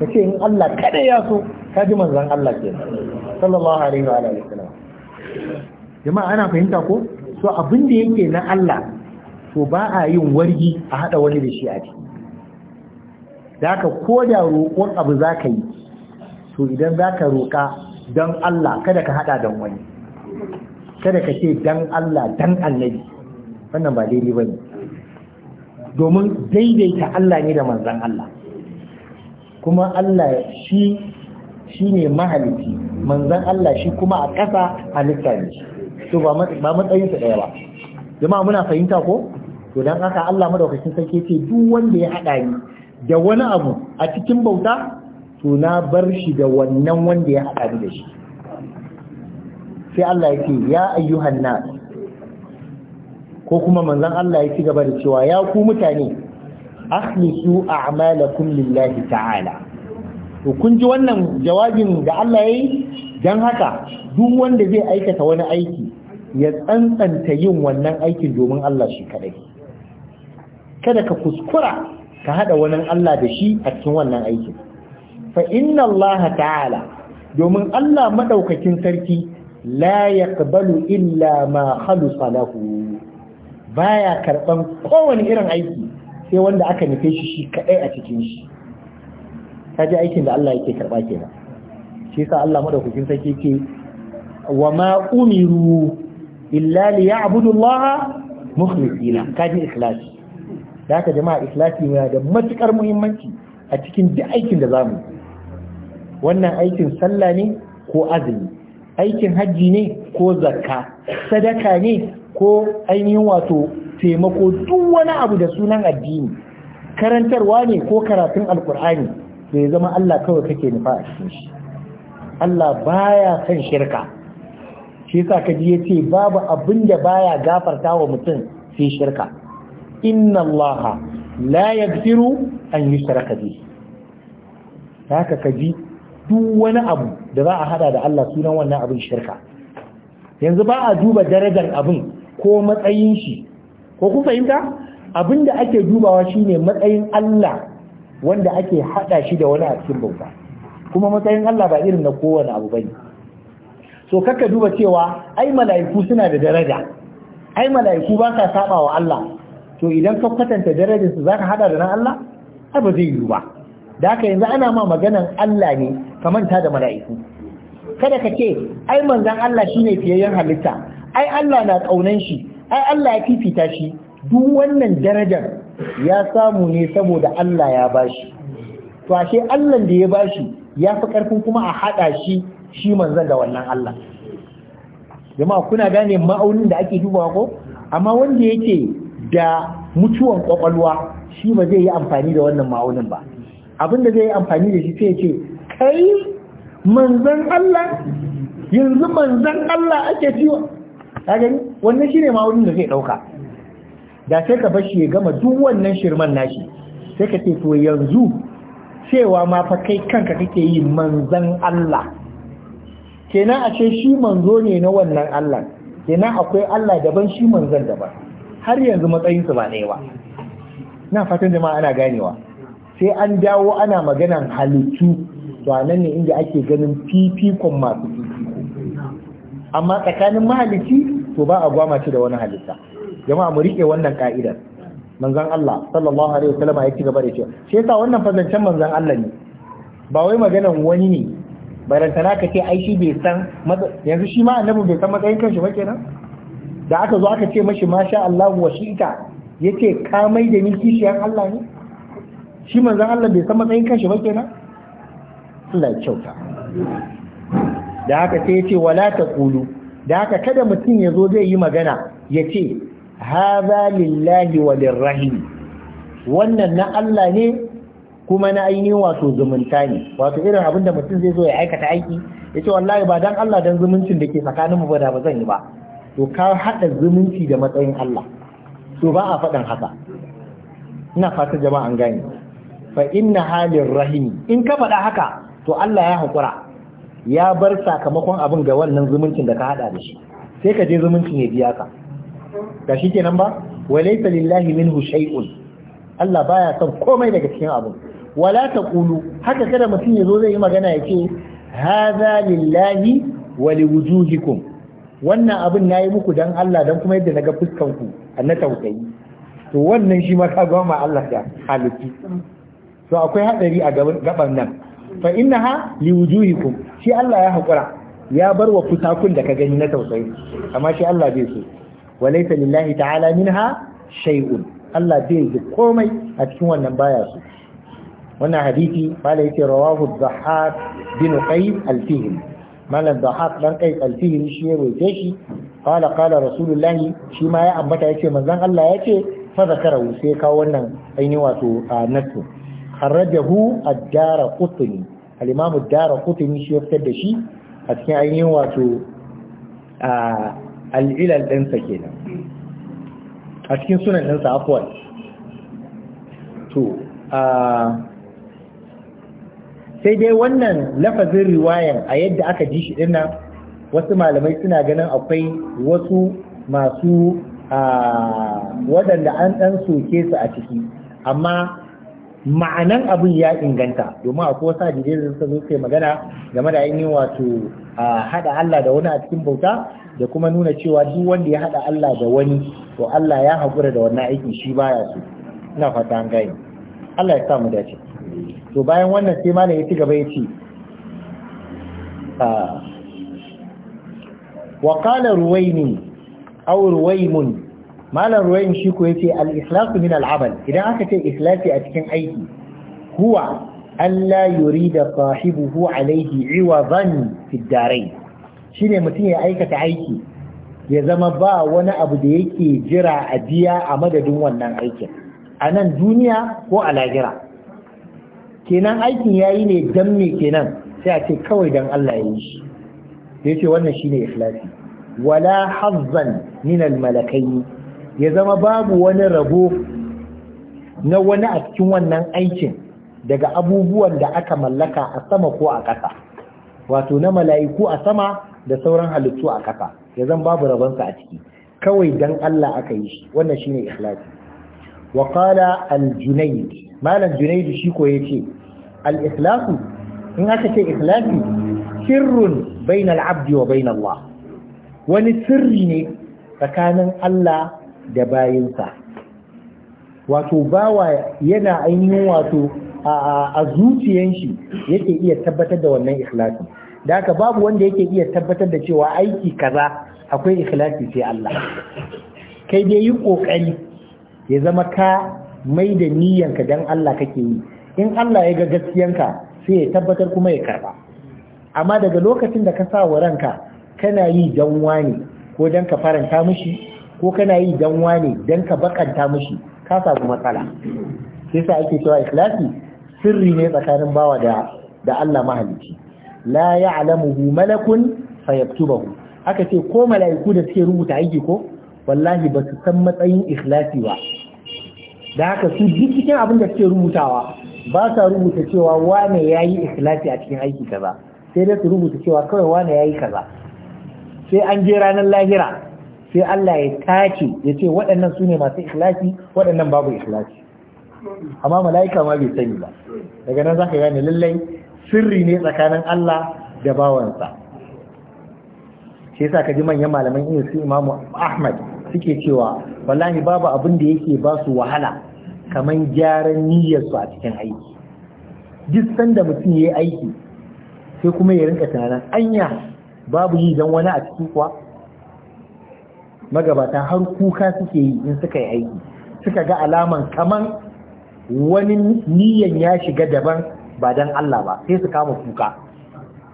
kace in Allah kada ya so ka ji manzon Allah ke sallallahu alaihi wa alihi wasallam jama'a ana fahimta ko so abin da yake na Allah to ba a yin wargi a hada wani da shi a ciki ka ko da roƙon abu zaka yi to idan zaka roƙa dan Allah kada ka hada dan wani kada ka ce dan Allah dan annabi wannan ba daidai bane domin daidaita Allah ne da manzan Allah kuma Allah shi shi ne mahalici manzan Allah shi kuma a ƙasa halitta ne to ba matsayinsa ɗaya ba jama'a muna fahimta ko to don haka Allah madaukakin sarki ce duk wanda ya haɗa ni da wani abu a cikin bauta to na bar shi da wannan wanda ya haɗa ni da shi sai Allah ya ce ya ayyuhan nas ko kuma manzon Allah ya ci gaba da cewa ya ku mutane akhlisu a'malakum lillahi ta'ala to kun ji wannan jawabin da Allah yayi dan haka duk wanda zai aikata wani aiki ya tsantsanta yin wannan aikin domin Allah shi kadai kada ka kuskura ka hada wani Allah da shi a cikin wannan aikin fa inna Allah ta'ala domin Allah madaukakin sarki la yaqbalu illa ma khalusa lahu baya karɓan kowane irin aiki sai wanda aka nufe shi shi kaɗai a cikin shi kaji aikin da Allah yake ke kenan shi sa Allah madaukakin sarki ke wa ma umiru illa liya'budu Allah mukhlisina kaji ikhlasi da haka jama'a ikhlasi yana da matukar muhimmanci a cikin duk aikin da zamu wannan aikin sallah ne ko azumi aikin hajji ne ko zakka sadaka ne ko ainihin wato taimako duk wani abu da sunan addini karantarwa ne ko karatun alkur'ani ya zama Allah kawai kake nufa a cikin shi Allah baya kan shirka shi yasa kaji yace babu abin da baya gafarta wa mutum sai shirka inna Allah la yaghfiru an yushraka bihi haka kaji duk wani abu da za a hada da Allah sunan wannan abin shirka yanzu ba a duba darajar abin ko matsayin shi ko ku fahimta abinda ake dubawa shine matsayin Allah wanda ake hada shi da wani a cikin bauta kuma matsayin Allah ba irin na kowane abu bane so kaka duba cewa ai mala'iku suna da daraja ai mala'iku ba sa saba wa Allah to idan ka kwatanta darajar su zaka hada da na Allah ai ba zai yi ba da haka yanzu ana ma maganan Allah ne ka manta da mala'iku kada ka ce ai manzon Allah shine fiyayyen halitta ai Allah na ƙaunan shi ai Allah ya fifita shi duk wannan darajar ya samu ne saboda Allah ya bashi to ashe Allah da ya bashi ya fi ƙarfin kuma a haɗa shi shi manzon da wannan Allah jama'a kuna gane ma'aunin da ake dubawa ko amma wanda yake da mutuwan ƙwaƙwalwa, shi ba zai yi amfani da wannan ma'aunin ba abin da zai yi amfani da shi sai ce kai manzon Allah yanzu manzon Allah ake ciwo ka gani wannan shi ma wurin da zai ɗauka. da sai ka bashi ya gama duk wannan shirman nashi sai ka ce to yanzu cewa ma fa kai kanka kake yi manzan Allah kenan a ce shi manzo ne na wannan Allah kenan akwai Allah daban shi manzan daban har yanzu matsayin su ba ɗaya ba na fatan jama'a ana ganewa sai an dawo ana maganan halittu to nan ne inda ake ganin fifikon masu fifiko amma tsakanin mahalici to ba a gwama shi da wani halitta jama'a mu rike wannan ka'idar manzon Allah sallallahu alaihi wasallam ya ci gaba da cewa shi yasa wannan fazancen manzon Allah ne ba wai maganan wani ne barantana ka ce ai shi bai san yanzu shi ma annabi bai san matsayin kanshi ba kenan da aka zo aka ce mashi masha Allah wa shi'ita yace ka mai da ni kishiyan Allah ne shi manzon Allah bai san matsayin kanshi ba kenan Allah ya kyauta da haka sai yace wala taqulu da haka kada mutum ya zo zai yi magana ya ce haza lillahi wa lirrahim wannan na Allah ne kuma na ainihin wato zumunta ne wato irin abin da mutum zai zo ya aikata aiki ya ce wallahi ba dan Allah dan zumuncin da ke tsakaninmu ba da ba zan yi ba to ka haɗa zumunci da matsayin Allah to ba a faɗin haka ina fata jama'an gane fa inna halin rahim in ka faɗa haka to Allah ya haƙura ya bar sakamakon abin ga wannan zumuncin da ka hada da shi sai ka je zumuncin ya biya ka ga shi kenan ba walaysa lillahi minhu shay'un Allah baya son komai daga cikin abin wala taqulu haka kada mutum ya zo zai yi magana ya ce hadha lillahi wa liwujuhikum wannan abin nayi muku dan Allah dan kuma yadda naga fuskan ku na tausayi to wannan shi ma ka ga ma Allah ya halitti to akwai hadari a gaban nan fa innaha liwujuhikum shi Allah ya haƙura ya bar wa kusakun da ka gani na tausayi amma shi Allah bai so walaita lillahi ta'ala minha shay'un Allah bai ji komai a cikin wannan baya so wannan hadisi mala yake rawahu dhahab bin qais al-fihri mala dhahab dan qais al-fihri shi ya roke shi qala qala rasulullahi shi ma ya ambata yace manzon Allah yace fa zakarahu sai kawo wannan ainihin wato nasu kharrajahu ad-dara qutni al-imamu dara kutumi shi ya fitar da shi a cikin ainihin wato al'ilal ɗinsa kenan a cikin sunan ɗinsa afuwan to sai dai wannan lafazin riwayan a yadda aka ji shi ɗinnan wasu malamai suna ganin akwai wasu masu waɗanda an ɗan soke su a ciki amma ma'anan abin ya inganta domin a kowace hadisai da suka zo suke magana game da ainihin wato a hada Allah da wani a cikin bauta da kuma nuna cewa duk wanda ya hada Allah da wani to Allah ya haƙura da wannan aikin shi baya su ina fata an gani Allah ya sa dace to bayan wannan sai malam ya ci gaba ya ce wa qala ruwaini aw ruwaimun malam ruwayin shi ko yace al-ikhlasu min al idan aka ce Islasi a cikin aiki huwa alla yurida sahibuhu alayhi iwadan fi fiddarai. Shi shine mutum ya aikata aiki ya zama ba wani abu da yake jira a biya a madadin wannan aikin a nan duniya ko a lahira kenan aikin yayi ne dan me kenan sai a ce kawai dan Allah ya yi shi yace wannan shine Islasi? wala hazzan min al ya zama babu wani rabo na wani a cikin wannan aikin daga abubuwan da aka mallaka a sama ko a ƙasa wato na mala'iku a sama da sauran halittu a ƙasa ya zan babu rabonsa a ciki kawai dan Allah aka yi shi wannan shine ikhlasi wa qala al malam junayd shi ko yace al-ikhlasu in aka ce ikhlasi sirrun bainal abdi wa bainallah wani sirri ne tsakanin Allah da bayinsa wato bawa yana ainihin wato a zuciyan shi yake iya tabbatar da wannan ikhlasi da haka babu wanda yake iya tabbatar da cewa aiki kaza akwai ikhlasi sai Allah kai dai yi kokari ya zama ka mai da niyyanka dan Allah kake yi in Allah ya ga gaskiyanka sai ya tabbatar kuma ya karba amma daga lokacin da ka sa wa ranka kana yi dan wani ko don ka faranta mishi ko kana yi dan wane dan ka bakanta mishi ka samu matsala sai sa ake cewa ikhlasi sirri ne tsakanin bawa da da Allah mahalicci la ya'lamuhu malakun fayaktubahu aka ce ko mala'iku da suke rubuta aiki ko wallahi ba su san matsayin ikhlasi ba da haka su duk cikin abin da suke rubutawa ba sa rubuta cewa wane yayi ikhlasi a cikin aiki kaza sai dai su rubuta cewa kawai wane yayi kaza sai an je ranar lahira sai Allah ya tace ya ce waɗannan su ne masu ikhlasi waɗannan babu ikhlasi amma mala'ika ma bai sani ba daga nan za ka gane lallai sirri ne tsakanin Allah da bawansa shi yasa ka ji manyan malaman irin su Imam Ahmad suke cewa wallahi babu abin da yake ba su wahala kamar gyaran niyyar su a cikin aiki duk sanda mutum ya yi aiki sai kuma ya rinka tunanin anya babu yi don wani a cikin kuwa magabata har kuka suke yi in suka yi aiki suka ga alaman kaman wani niyan ya shiga daban ba dan Allah ba sai su kama kuka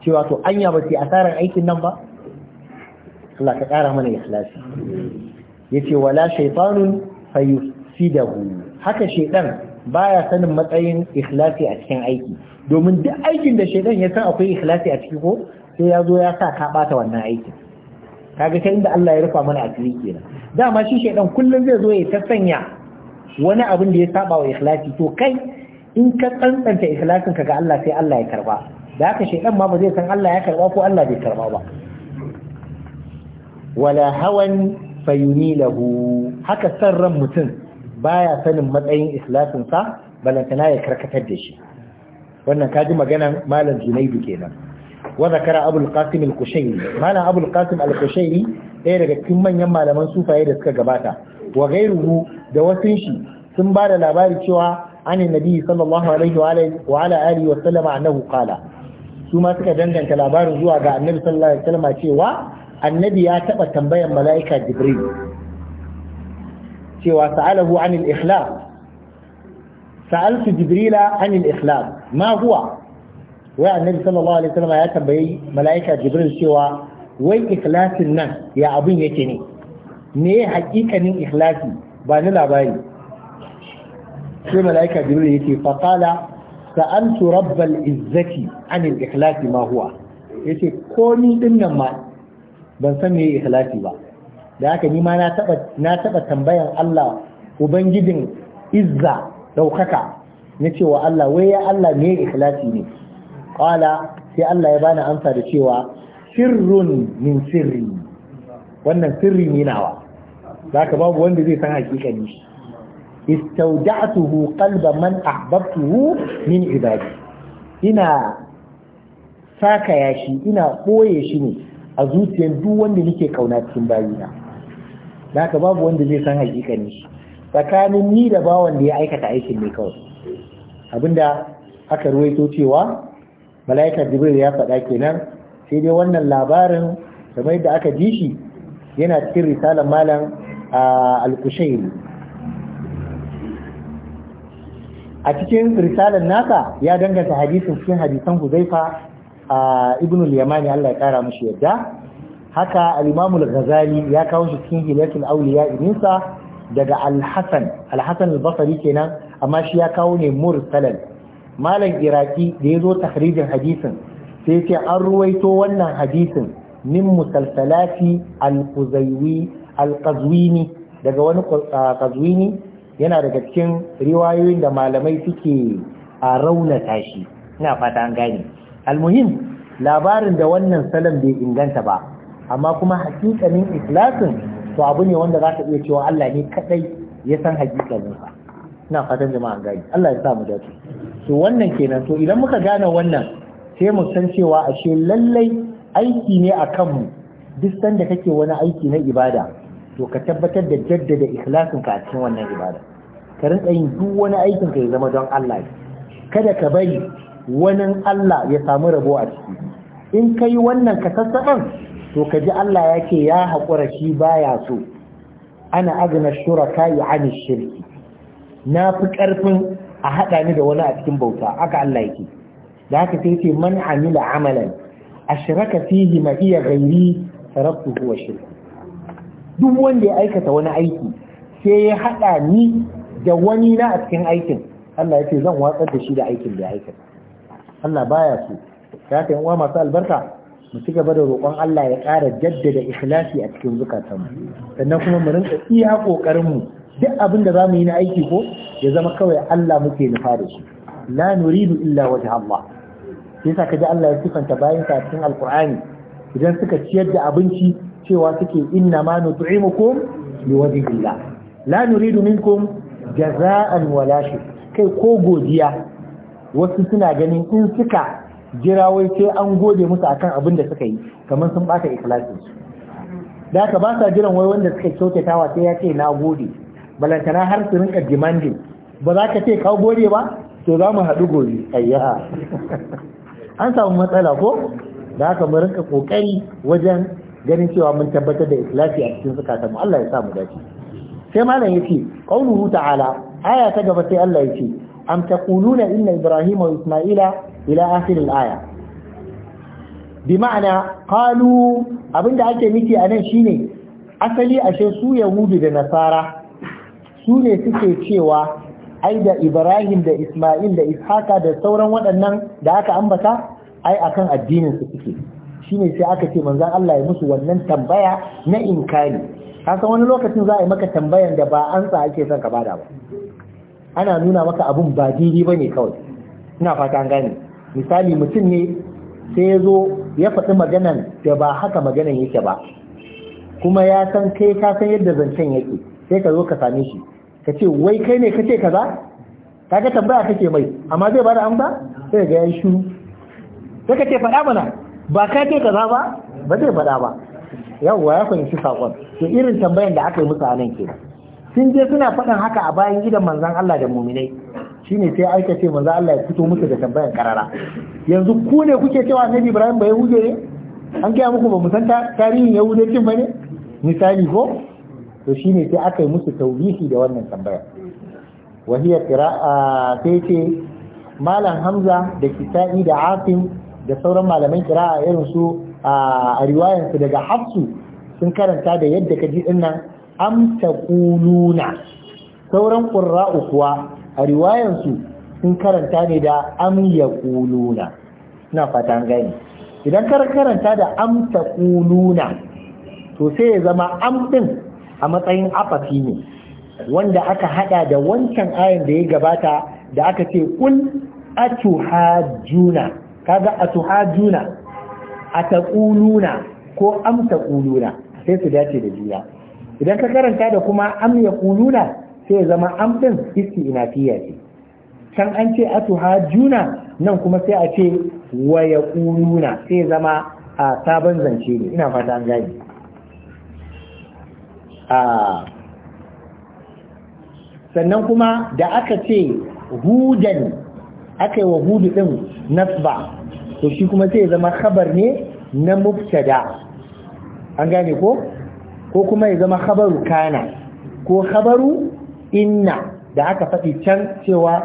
cewa to anya ba sai asarar aikin nan ba Allah ka ƙara mana ikhlasi yace wala shaytanun fayusidahu haka shaytan baya sanin matsayin ikhlasi a cikin aiki domin duk aikin da shaytan ya san akwai ikhlasi a ciki ko sai ya zo ya sa ka bata wannan aikin kaga ta inda Allah ya rufa mana a asiri kenan dama shi shaidan kullum zai zo ya ta sanya wani abin da ya saba wa ikhlasi to kai in ka tsantsanta ikhlasin ka ga Allah sai Allah ya karba da haka shaidan ma ba zai san Allah ya karba ko Allah bai karba ba wala hawan fayunilahu haka san ran mutum baya sanin matsayin ikhlasin sa balantana ya karkatar da shi wannan kaji maganan malam Junaidu kenan wa zakara abul qasim alkushairi? kushairi abul qasim al ɗaya daga cikin manyan malaman sufaye da suka gabata wa da wasun shi sun ba da labari cewa an nabi sallallahu alaihi wa ala alihi wa sallama annahu qala su suka danganta labarin zuwa ga annabi sallallahu alaihi wasallam cewa annabi ya taba tambayan mala'ika jibril cewa jibrila anil ikhlas ma wai annabi sallallahu alaihi wasallam ya tambayi mala'ika jibril cewa wai ikhlasin nan ya abin yake ne me hakikanin ikhlasi ba ni labari sai mala'ika jibril yake fa qala sa'altu rabbal izzati an ikhlasi ma huwa yace ko ni dinnan ma ban san me ikhlasi ba da haka ni ma na taba na taba tambayan Allah ubangijin izza daukaka na cewa Allah wai ya Allah me ikhlasi ne Ƙwala sai Allah ya bani amsa da cewa sirrun min sirri wannan sirri ne nawa zaka babu wanda zai san hakikani shi qalba man ahbabtuhu min ibadi ina saka yashi, ina ɓoye shi ne a zuciyar duk wanda nake kauna cikin bayina Za ka babu wanda zai san hakikani tsakanin ni da bawan da ya aikata aikin ne kawai abinda aka ruwaito cewa mala'ika jibril ya faɗa kenan sai dai wannan labarin kamar yadda aka ji shi yana cikin risalar malam al alkushairi a cikin risalar nasa ya danganta hadisin cikin hadisan huzaifa a ibn yamani Allah ya kara mashi yadda haka al ghazali ya kawo shi cikin hilatul auliya ininsa daga al-hasan al kenan amma shi ya kawo ne mursalan malam iraki da ya zo tahrijin hadisin sai ce an ruwaito wannan hadisin min musalsalati al-qazwini daga wani qazwini yana daga cikin riwayoyin da malamai suke a raunata shi ina fata an gane almuhim labarin da wannan salam bai inganta ba amma kuma hakikanin ikhlasin to abu ne wanda za ka iya cewa Allah ne kadai ya san hakikanin sa ina fatan jama'a gani Allah ya sa mu dace to wannan kenan to idan muka gane wannan sai mu san cewa ashe lallai aiki ne a kanmu duk sanda kake wani aiki na ibada to ka tabbatar da jaddada ikhlasin ka a cikin wannan ibada ka rinka yin duk wani aikin ka ya zama don Allah kada ka bari wani Allah ya samu rabo a ciki in ka yi wannan ka sassaɓan to ka ji Allah ya ce ya haƙura shi baya so ana agina shuraka yi shirki na fi ƙarfin a haɗa ni da wani a cikin bauta aka Allah yake da haka sai ce man amila amalan ashraka fihi ma iya gairi sarabtu huwa shirk duk wanda ya aikata wani aiki sai ya haɗa ni da wani na a cikin aikin Allah yake zan watsar da shi da aikin da ya aikata Allah baya so ta haka masu albarka mu ci gaba da roƙon Allah ya ƙara jaddada ikhlasi a cikin zukatanmu sannan kuma mu rinka iya ƙoƙarinmu duk abin da zamu yi na aiki ko ya zama kawai Allah muke nufa da shi la nuridu illa wajha Allah yasa kaji Allah ya sifanta bayan ka cikin alqur'ani idan suka ciyar da abinci cewa suke inna ma nut'imukum liwajhi Allah la nuridu minkum jaza'an wala kai ko godiya wasu suna ganin in suka jira wai sai an gode musu akan abin da suka yi kamar sun bata ikhlasin su da ka ba sa jiran wai wanda suka kyautatawa sai ya ce na gode balantana har su rinka demandin ba za ka ce kawo gode ba to za mu haɗu gobe ayya an samu matsala ko da aka mu rinka kokari wajen ganin cewa mun tabbatar da ikhlasi a cikin zakatan mu Allah ya sa mu dace sai malam yace qauluhu ta'ala aya ta gaba sai Allah yace am taquluna inna ibrahima wa isma'ila ila akhir al-aya bi ma'ana qalu abinda ake nufi anan shine asali ashe su yahudu da nasara su ne suke cewa ai da ibrahim da isma'il da ishaka da sauran waɗannan da aka ambata ai akan addinin su suke shine sai aka ce manzon Allah ya musu wannan tambaya na inkari kasan wani lokacin za a yi maka tambayan da ba an sa ake son ka bada ba ana nuna maka abun ba daidai ba ne kawai ina fata an gane misali mutum ne sai ya zo ya faɗi maganan da ba haka maganan yake ba kuma ya san kai ka san yadda zancen yake sai ka zo ka same shi ka ce wai kai ne kace kaza kaga tambaya kake mai amma zai bada amsa sai ga yan shiru sai ka ce faɗa mana ba ka ce kaza ba ba zai faɗa ba Yau wa ya shi saƙon? to irin tambayan da aka yi musu a nan sun je suna faɗin haka a bayan gidan manzan Allah da muminai shine sai aika ce manzan Allah ya fito musu da tambayan karara yanzu ku ne kuke cewa Annabi Ibrahim ba Yahude ne an gaya muku ba mu san tarihin Yahudancin ba ne misali ko to shine sai aka yi musu taubihi da wannan tambaya wa hiya qira'a sai malam hamza da kisa'i da Afin da sauran malaman Kira irin su a riwayansu daga hafsu sun karanta da yadda ka ji dinnan am taquluna sauran qurra'u kuwa a riwayansu sun karanta ne da am yaquluna ina fata an gani idan ka karanta da am taquluna to sai ya zama am din a matsayin afafi ne wanda aka hada da wancan ayan da ya gabata da aka ce kun a atuhajuna kaga a ataquluna ko am sai su dace da juna idan ka karanta da kuma am yaquluna sai zama am din isti'nafiya ce can an ce atuhajuna nan kuma sai a ce waya yaquluna sai zama a sabon zance ne ina fata an gane sannan kuma da aka ce hudan aka yi wa hudu ɗin nasba to shi kuma sai zama khabar ne na mubtada an gane ko ko kuma ya zama khabaru kana ko khabaru inna da aka faɗi can cewa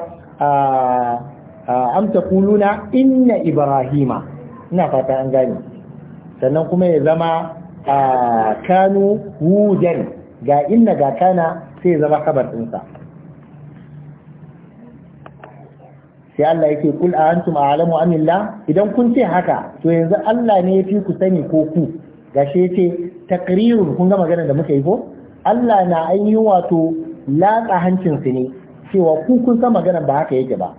amta kuluna inna ibrahima ina fata an gane sannan kuma ya zama a kanu wudan ga inna ga kana sai zama kabar ɗinsa sai Allah yake kul a antum a'lamu amilla idan kun ce haka to yanzu Allah ne ya fi ku sani ko ku gashi yace takrirun kun ga magana da muka yi ko Allah na ainihin wato latsa hancin su ne cewa ku kun san maganar ba haka yake ba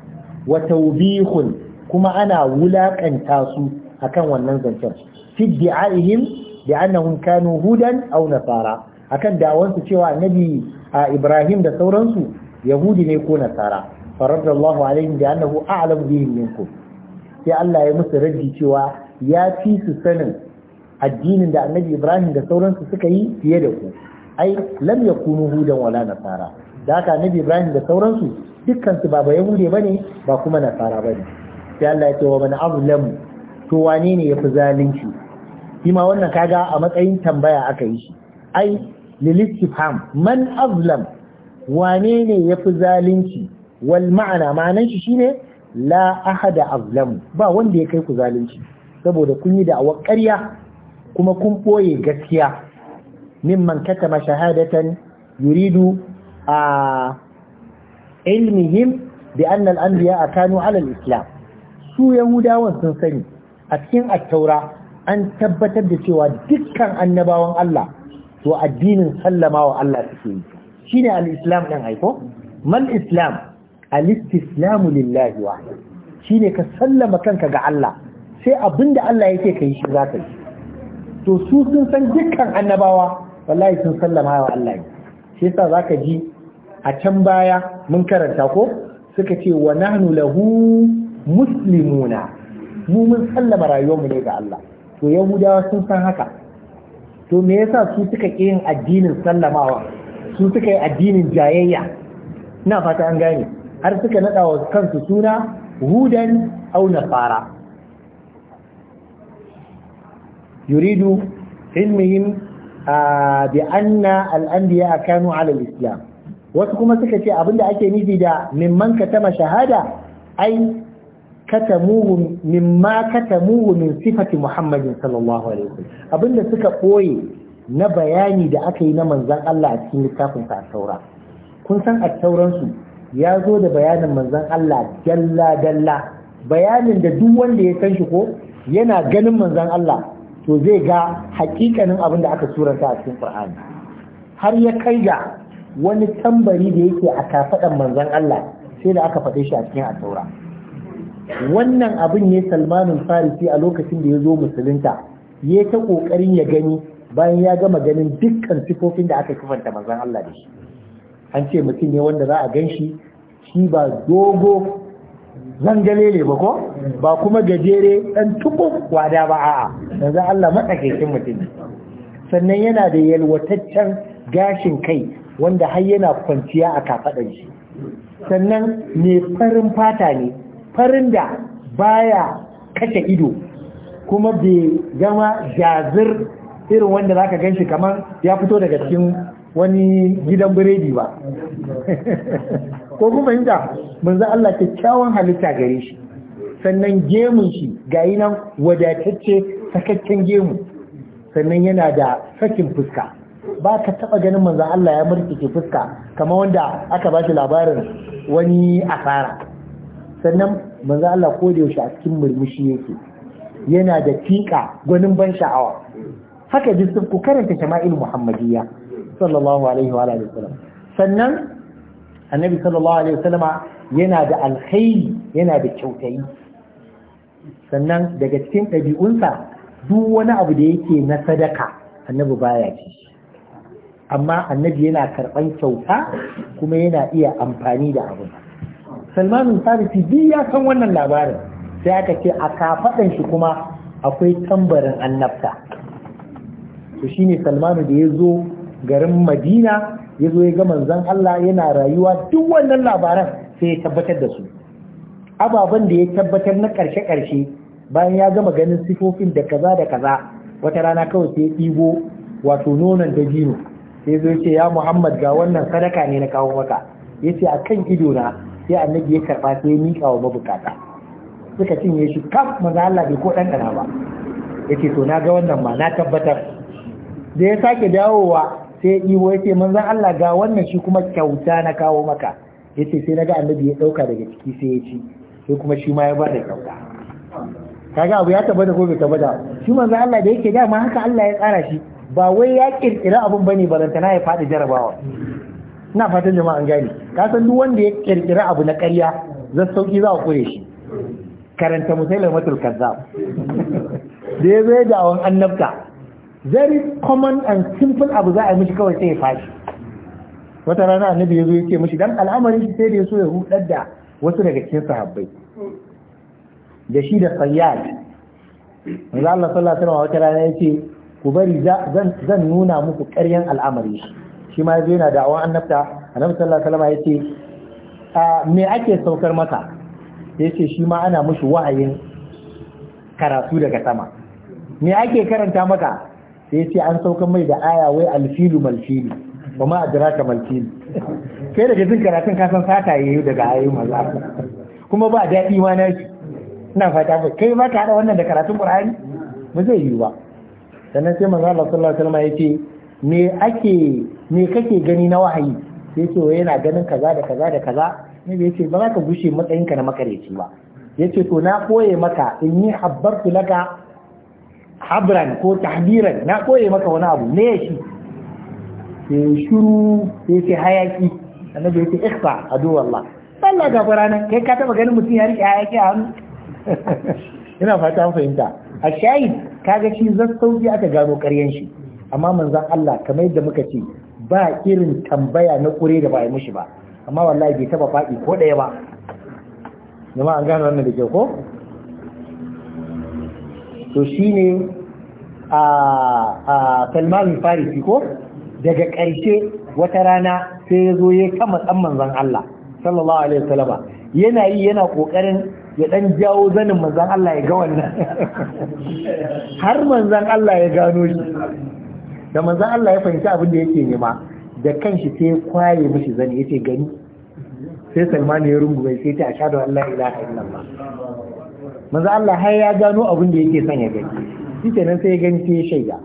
wa tawbihun kuma ana wulakanta su akan wannan zancen fi di'aihim da annahum kanu hudan aw nasara akan da'awansu cewa annabi Ibrahim da sauransu yahudi ne ko nasara faradallahu alaihim da annahu a'lam bihim minkum sai Allah ya musu raddi cewa ya fi su sanin addinin da annabi Ibrahim da sauransu suka yi fiye da ku ai lam yakunu hudan wala nasara da haka annabi Ibrahim da sauransu dukkan su ba ba yahude bane ba kuma nasara bane sai Allah ya ce wa man azlamu to wane ne yafi zalunci shi ma wannan kaga a matsayin tambaya aka yi shi ai lilistifham man azlam wane ne ya fi zalunci wal ma'ana ma'anan shi shine la ahada azlam ba wanda ya kai ku zalunci saboda kun yi da'awar ƙarya kuma kun ɓoye gaskiya mimman katama shahadatan yuridu a ilmihim bi anna al-anbiya kanu ala al-islam su yahudawan sun sani a cikin at-taura an tabbatar da cewa dukkan annabawan Allah to addinin sallama wa Allah suke yi shine al-islam din aiko mal islam al-istislamu lillahi wahda shine ka sallama kanka ga Allah sai abinda Allah yake kai shi zaka yi to su sun san dukkan annabawa wallahi sun sallama wa Allah ne shi yasa zaka ji a can baya mun karanta ko suka ce wa nahnu lahu muslimuna mu mun sallama mu ne ga Allah to yahudawa sun san haka to me yasa su suka ƙi yin addinin sallamawa su suka yi addinin jayayya ina fata an gane har suka naɗa wa kansu suna hudan au nasara yuridu ilmihim bi anna al-anbiya kanu ala islam wasu kuma suka ce abinda ake nufi da mimman katama shahada ai katamuhu mimma katamuhu min sifati Muhammadin sallallahu alaihi wasallam abinda suka koye na bayani da aka yi na manzan Allah a cikin littafin sa taura kun san a tauransu ya zo da bayanin manzan Allah dalla dalla bayanin da duk wanda ya san shi ko yana ganin manzan Allah to zai ga hakikanin abin da aka ta a cikin Qur'ani har ya kai ga wani tambari da yake a kafadan manzan Allah sai da aka faɗe shi a cikin at-taura wannan abin ne salmanin farisi a lokacin da ya zo musulunta ya ta ƙoƙarin ya gani bayan ya gama ganin dukkan sifofin da aka kifanta manzon Allah da shi an ce mutum ne wanda za a gan shi shi ba dogo zangale ne ba ko ba kuma gajere ɗan tubu wada ba a'a yanzu Allah matsakaicin mutum ne sannan yana da yalwataccen gashin kai wanda har yana kwanciya a kafaɗar shi sannan mai farin fata ne farin da baya kashe ido kuma bai gama jazir irin wanda za zaka shi kamar ya fito daga cikin wani gidan biredi ba ko kuma inda manzo Allah kyakkyawan halitta gare shi sannan gemun shi ga nan wadatacce sakakken gemu sannan yana da sakin fuska ba ka taba ganin manzo Allah ya murkike fuska kamar wanda aka ba shi labarin wani asara sannan manzo Allah ko da yaushe a cikin murmushi yake yana da tika gwanin ban sha'awa haka duk ku karanta shama'il muhammadiyya sallallahu alaihi wa alihi wasallam sannan annabi sallallahu alaihi wasallama yana da alkhairi yana da kyautayi sannan daga cikin ɗabi'unsa duk wani abu da yake na sadaka annabi baya ci amma annabi yana karɓan kyauta kuma yana iya amfani da abu salmanin farisi biyu ya san wannan labarin sai aka ce a kafaɗan shi kuma akwai tambarin annabta to ne salmanu da ya zo garin madina ya zo ya ga manzon Allah yana rayuwa duk wannan labaran sai ya tabbatar da su ababen da ya tabbatar na karshe-karshe bayan ya gama ganin sifofin da kaza da kaza wata rana kawai sai ya ɗigo wato nonon da sai zo ce ya muhammad ga wannan sadaka ne na kawo maka ya ce a kan idona sai annabi ya karɓa sai ya mika wa mabukata suka cinye shi kaf maza Allah bai ko ɗan ƙana ba ce to na ga wannan ma na tabbatar da ya sake dawowa sai ya ya ce manzo Allah ga wannan shi kuma kyauta na kawo maka ya ce sai na ga annabi ya ɗauka daga ciki sai ya ci sai kuma shi ma ya ba da kyauta kaga abu ya tabbata ko bai tabbata shi manzo Allah da yake dama haka Allah ya tsara shi ba wai ya kirkira abun bane balantana ya faɗi jarabawa ina fatan jama'a an gane ka san duk wanda ya kirkira abu na ƙarya zan sauki za a kure shi karanta musailin matul kazzab da ya zai da awon annabta very common and simple abu za a yi mishi kawai sai ya fashi wata rana annabi ya zo ya ce mishi dan alamari shi sai da ya so ya hudar da wasu daga cikin sahabbai da shi da sayyad Allah sallallahu alaihi wata rana ya ce ku bari zan nuna muku ƙaryan al'amari shi ma yazo yana da'awar annabta A sallallahu Sallar wasallam ya a me ake saukar masa ce shi ma ana mushi wa'ayin karatu daga sama me ake karanta maka sai ce an saukar mai da aya wai alfilu malfilu ba ma ka malfilu kai daga jin karatun ka san sata yayi daga ayoyi maza kuma ba daɗi ma na shi ina fata ba kai ma ka hada wannan da karatun qur'ani ba zai yi ba sannan sai manzo Allah sallallahu alaihi wasallam ce me ake me kake gani na wahayi sai ce yana ganin kaza da kaza da kaza ne bai ce ba za ka gushe matsayinka na makareci ba ya ce to na koye maka in yi habbartu laka habran ko tahbiran na koye maka wani abu ne ya shi sai shuru sai ce hayaki annabi ya ce ikhfa a wallah Allah ga nan kai ka taba ganin mutum ya rike hayaki a hannu ina fata fahimta a shayi kaga shi sauki aka gano karyan shi amma manzan Allah kamar yadda muka ce ba irin tambaya na kure da ba yi mushi ba amma wallahi bai taba faɗi ko ɗaya ba jama'a an gano wannan da ke ko to shine a a Salman Farisi ko daga ƙarshe wata rana sai ya zo ya kama ɗan manzan Allah sallallahu alaihi wasallam yana yi yana kokarin ya dan jawo zanin manzan Allah ya ga wannan har manzan Allah ya gano shi da manzan Allah ya fahimci abin da yake nema da kanshi sai kwaye kwaye mishi ya ce gani sai Salmanu ya rungume sai ta a shaɗu Allah ilaha ba manzon Allah har ya gano abin da yake son ya gani shike nan sai ya gani sai ya shaida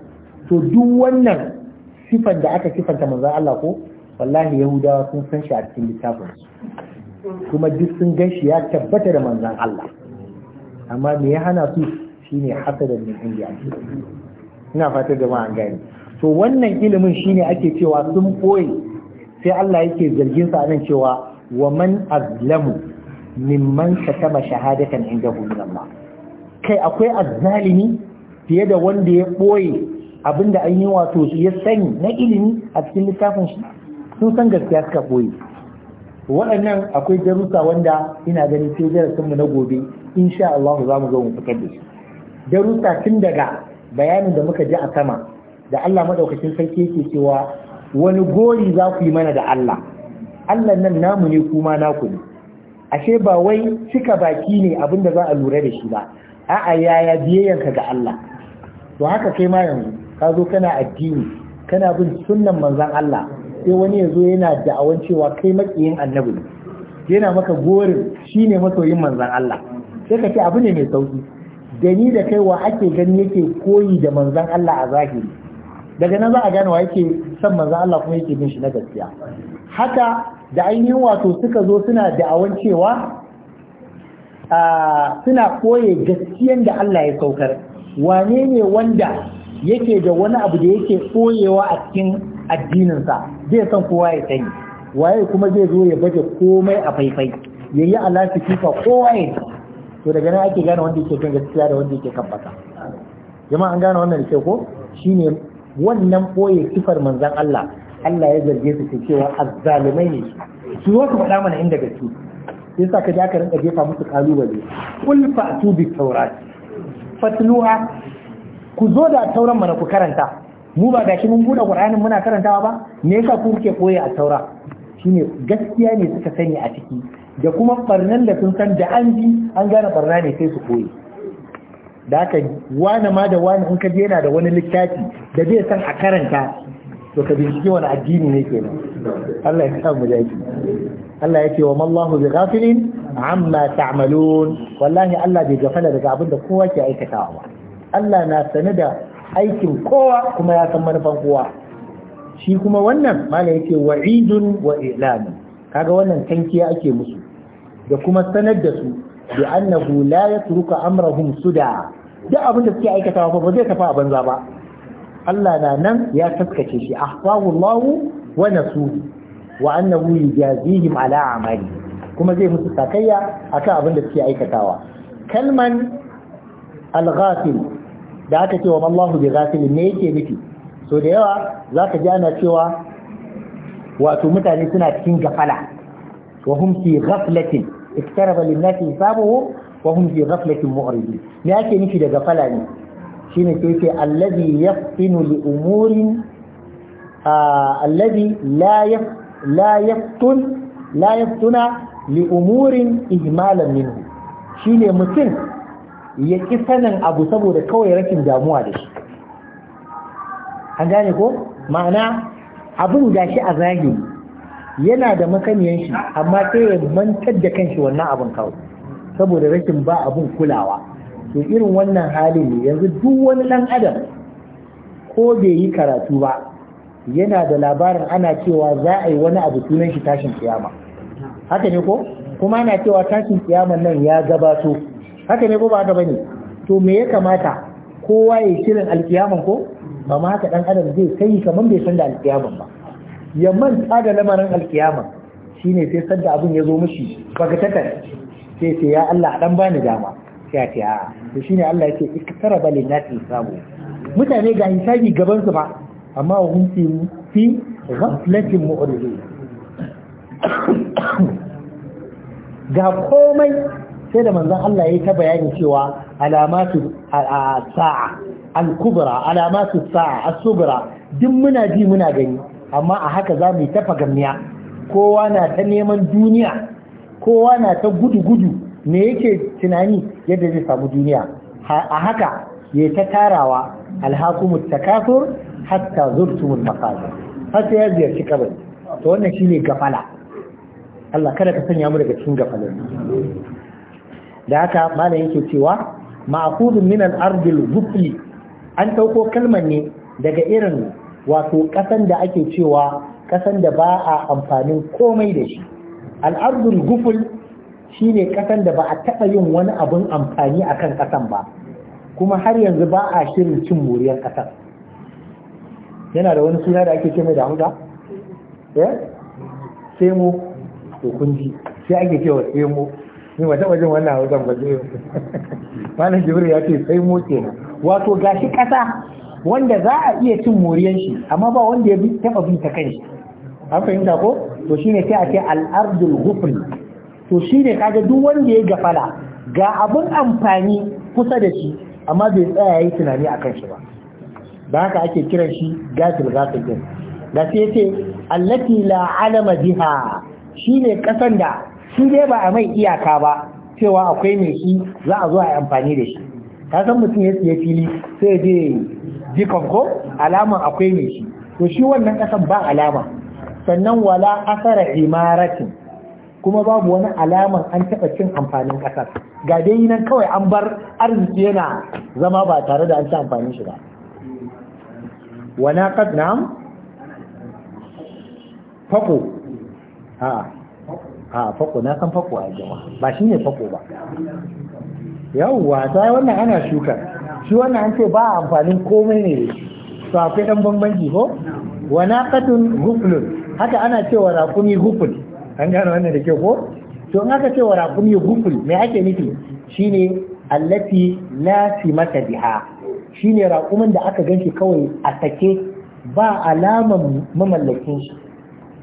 to duk wannan sifar da aka sifanta manzan Allah ko wallahi yahudawa sun san shi a cikin littafin kuma duk sun gan shi ya tabbata da manzan Allah amma me ya hana su shine hasadan min indiya ina fata ma an gani to wannan ilimin shine ake cewa sun boye sai Allah yake zargin sa nan cewa wa man azlamu mimman katama shahadatan indahu min Allah kai akwai azzalimi fiye da wanda ya ɓoye abinda an yi wato ya sani na ilimi a cikin littafin shi sun san gaskiya suka boye waɗannan akwai darussa wanda ina ganin sai mu na gobe insha Allah za mu zo mu fitar da shi darussa tun daga bayanin da muka ji a sama da Allah madaukakin sarki yake cewa wani gori za ku yi mana da Allah Allah nan namu ne kuma naku ne ashe ba wai cika baki ne abin da za a lura da shi ba a'a yaya biyayyanka ga Allah to haka kai ma yanzu ka zo kana addini kana bin sunnan manzon Allah sai wani ya zo yana da'awan cewa kai makiyin annabi ne yana maka gorin shine masoyin manzon Allah sai ka ce abu ne mai sauki da da kai wa ake gani yake koyi da manzan Allah a zahiri daga nan za a gane wa yake san manzo Allah kuma yake bin shi na gaskiya haka da ainihin wato suka zo suna da'awan cewa suna koye gaskiyan da Allah ya saukar wane ne wanda yake da wani abu da yake koyewa a cikin addininsa zai san kowa ya sani waye kuma zai zo ya baje komai a faifai ya yi alafi kifa kowa ya to daga nan ake gane wanda yake kan gaskiya da wanda yake kan baka jama'a an gane wannan da ke ko shine wannan boye sifar manzan Allah Allah ya zarge su ke cewa azzalumai ne su zo su faɗa mana inda gaske yasa ka ji aka rinka jefa musu kalubale kul fa'tu bi tawrat fatluha ku zo da tauran mana ku karanta mu ba gashi mun buɗe qur'anin muna karantawa ba me yasa ku kuke koyi a taura shine gaskiya ne suka sani a ciki da kuma barnan da sun san da an ji an gane barna ne sai su koyi da aka wani ma da wani in ka je yana da wani littafi da zai san a karanta to ka bincike wani addini ne kenan Allah ya sa mu dace Allah ya ce wa mallahu bi ghafilin amma ta'malun wallahi Allah bai gafala daga abin da kowa ke aikatawa ba Allah na sane da aikin kowa kuma ya san manufan kowa shi kuma wannan mala yake wa'idun wa i'lamun kaga wannan tankiya ake musu da kuma sanar da su bi annahu la yatruka amrahum suda duk abin da suke aikatawa ba ba zai tafi a banza ba Allah na nan ya taskace shi ahsahu Allah wa nasuhu wa annahu yujazihim ala amali kuma zai musu sakayya akan abin da suke aikatawa kalman al-ghafil da aka ce wa mallahu bi ghafil ne yake miki, so da yawa zaka ji ana cewa wato mutane suna cikin gafala wa hum fi ghaflatin iktaraba lin-nasi hisabuhum wa hum fi ghaflatin mu'ridi me ake nufi daga gafala ne shine sai ce allazi yaqtinu li umurin allazi la yaf la yaqtun la yaqtuna li umurin ihmalan minhu shine mutum ya ki sanin abu saboda kawai rakin damuwa da shi an gane ko ma'ana abin gashi a zahiri yana da masaniyan shi amma sai ya mantar da kanshi wannan abun kawai saboda rashin ba abun kulawa to irin wannan hali ne yanzu duk wani ɗan adam ko bai yi karatu ba yana da labarin ana cewa za a yi wani abu sunan shi tashin kiyama haka ne ko kuma ana cewa tashin kiyaman nan ya gabato haka ne ko ba haka bane to me ya kamata kowa ya kiran alkiyaman ko ba ma haka dan adam zai sai kaman bai san da alkiyaman ba ya tsada lamarin alkiyama shine sai sanda abun ya zo mishi baka sai ce ya Allah dan bani dama sai ce a to shine Allah yake iktaraba lin na hisabu mutane ga hisabi gaban su ba amma hum fi fi ghaflatin mu'ridin ga komai sai da manzon Allah yayi ta bayani cewa alamatu sa'a al-kubra alamatu sa'a as-sughra duk muna ji muna gani amma a haka za mu yi tafa gamiya kowa na ta neman duniya kowa na ta gudu-gudu ne yake tunani yadda zai samu duniya a haka ya ta tarawa ta takasur hatta zurtumul maqabir har sai ya ziyarci kabari to wannan shi ne gafala Allah kada ka sanya mu daga cikin gafalar da haka malam yake cewa ma'khudun min al-ardil zufli an tauko kalmar ne daga irin wato kasan da ake cewa kasan da ba a amfanin komai da shi al'ardul guful shine kasan da ba a taɓa yin wani abun amfani a kan kasan ba kuma har yanzu ba a shirin cin muriyar kasan yana da wani suna da ake ce mai da Ya eh semo ko kun ji sai ake cewa semo ni ba taɓa jin wannan hausan ba zai malam jibril ya ce semo kenan wato gashi kasa wanda za a iya cin muriyar shi amma ba wanda ya taɓa bi ta kanshi an fahimta ko to shine sai a ce al'ardul ghufl to shine kaga duk wanda ya gafala ga abun amfani kusa da shi amma bai tsaya yayi tunani akan shi ba ba haka ake kiran shi gafil gafil din da sai yace allati la alama biha shine kasan da shi dai ba a mai iyaka ba cewa akwai mai shi za a zo a yi amfani da shi ka san mutum ya tsaye fili sai ya je jikon ko alaman akwai mai shi to shi wannan kasan ba alama sannan wala asara imaratin kuma babu wani alaman an taɓa cin amfanin ƙasar ga dai nan kawai an bar arziki yana zama ba tare da an ci amfanin shi ba wana kad nam fako ha ha fako na san fako a jama'a ba shi ne fako ba yawwa sai wannan ana shuka shi wannan an ce ba amfanin komai ne to akwai dan bambanci ko wana kadun guflun haka ana cewa raƙumi guful an gano wannan da ke ko to in aka cewa raƙumi guful mai ake nufi shine allati la mata biha shine raƙumin da aka ganshi kawai a sake ba alaman mamallakin shi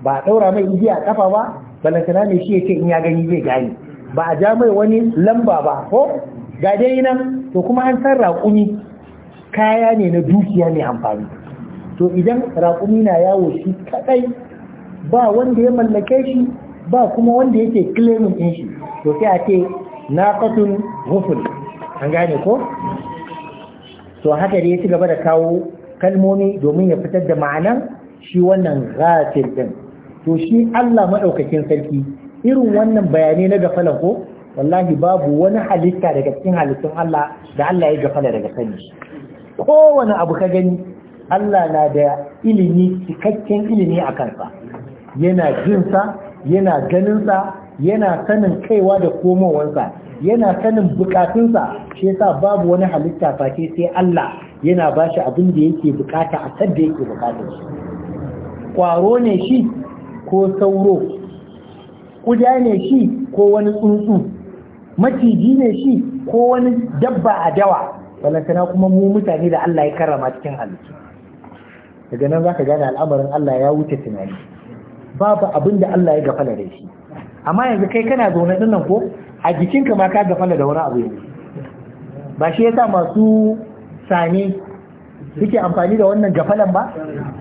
ba a ɗaura mai igiya a kafa ba balantana ne shi yake in ya gani zai gane ba a ja mai wani lamba ba ko ga dai nan to kuma an san raƙumi kaya ne na dukiya mai amfani to idan raƙumi na yawo shi kadai. ba wanda ya mallake shi ba kuma wanda yake claimin din shi to sai a ce naqatun ghufl an gane ko to haka dai ya ci gaba da kawo kalmomi domin ya fitar da ma'anan shi wannan ghafil din to shi Allah madaukakin sarki irin wannan bayanai na gafalan ko wallahi babu wani halitta daga cikin halittun Allah da Allah ya gafala daga sani kowane abu ka gani Allah na da ilimi cikakken ilimi a kansa yana jinsa yana ganinsa yana sanin kaiwa da komowansa yana sanin bukatunsa shi yasa babu wani halitta face sai Allah yana bashi abin da yake bukata a sadda yake bukatar shi kwaro ne shi ko sauro kuda ne shi ko wani tsuntsu maciji ne shi ko wani dabba a dawa balantana kuma mu mutane da Allah ya karrama cikin halittu daga nan zaka gane al'amarin Allah ya wuce tunani babu abin da Allah ya gafala da shi amma yanzu kai kana zaune dinnan ko a jikinka ma ka gafala da wani abu yanzu ba shi yasa masu sane suke amfani da wannan gafalan ba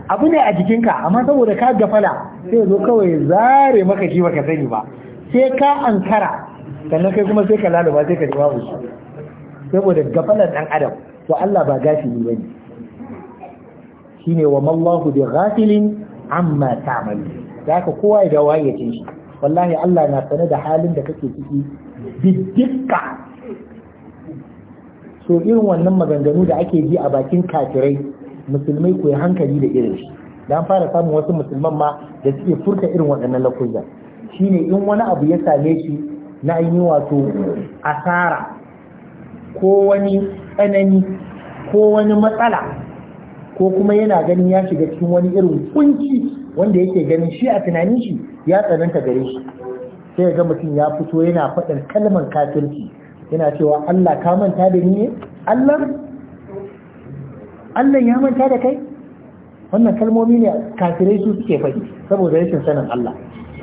abu ne a jikinka amma saboda ka gafala sai zo kawai zare maka shi baka sani ba sai ka ankara sannan kai kuma sai ka laluba sai ka jima shi saboda gafalan dan adam to Allah ba gafili bane shine wa mallahu bi ghafilin amma ta'malu da haka kowa ya dawo ya ce shi wallahi Allah na sane da halin da kake ciki bidikka so irin wannan maganganu da ake ji a bakin kafirai musulmai ku hankali da irin shi dan fara samun wasu musulman ma da suke furta irin waɗannan lafuzza shine in wani abu ya same shi na yi wato asara ko wani tsanani ko wani matsala ko kuma yana ganin ya shiga cikin wani irin kunci wanda yake ganin shi a tunanin shi ya tsananta gare shi sai ga mutum ya fito yana faɗin kalmar kafirci yana cewa Allah ka manta da ni ne Allah Allah ya manta da kai wannan kalmomi ne kafirai su suke faɗi saboda rashin sanin Allah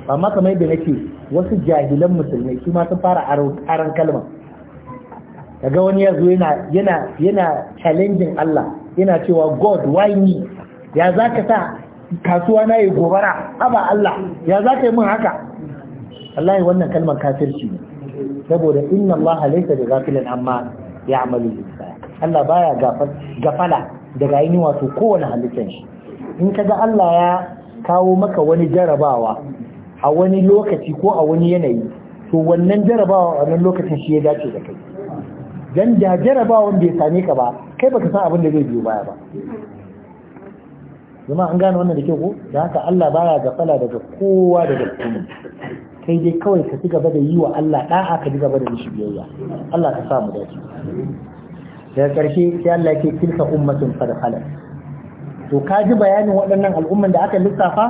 amma kamar yadda nake wasu jahilan musulmai su ma sun fara aron kalma daga wani ya zo yana yana yana challenging Allah yana cewa god why me ya za ka sa kasuwa na yi gobara aba Allah ya za ka yi mun haka yi wannan kalmar kafirci ne saboda inna Allah laysa da ghafilin amma ya ya'malu Allah baya gafala daga ainihin wato kowane halittar shi in ga Allah ya kawo maka wani jarabawa a wani lokaci ko a wani yanayi to wannan jarabawa a wannan lokacin shi ya dace da kai dan da jarabawan bai same ka ba kai baka san abin da zai biyo baya ba zama an gane wannan da kyau ko da haka Allah baya gafala daga kowa daga kuma kai dai kawai ka ci gaba da yi wa Allah da'a ka ci gaba da mishi biyayya Allah ka samu dace daga ƙarshe sai Allah ke tilka ummatin fa to ka ji bayanin waɗannan al'umman da aka lissafa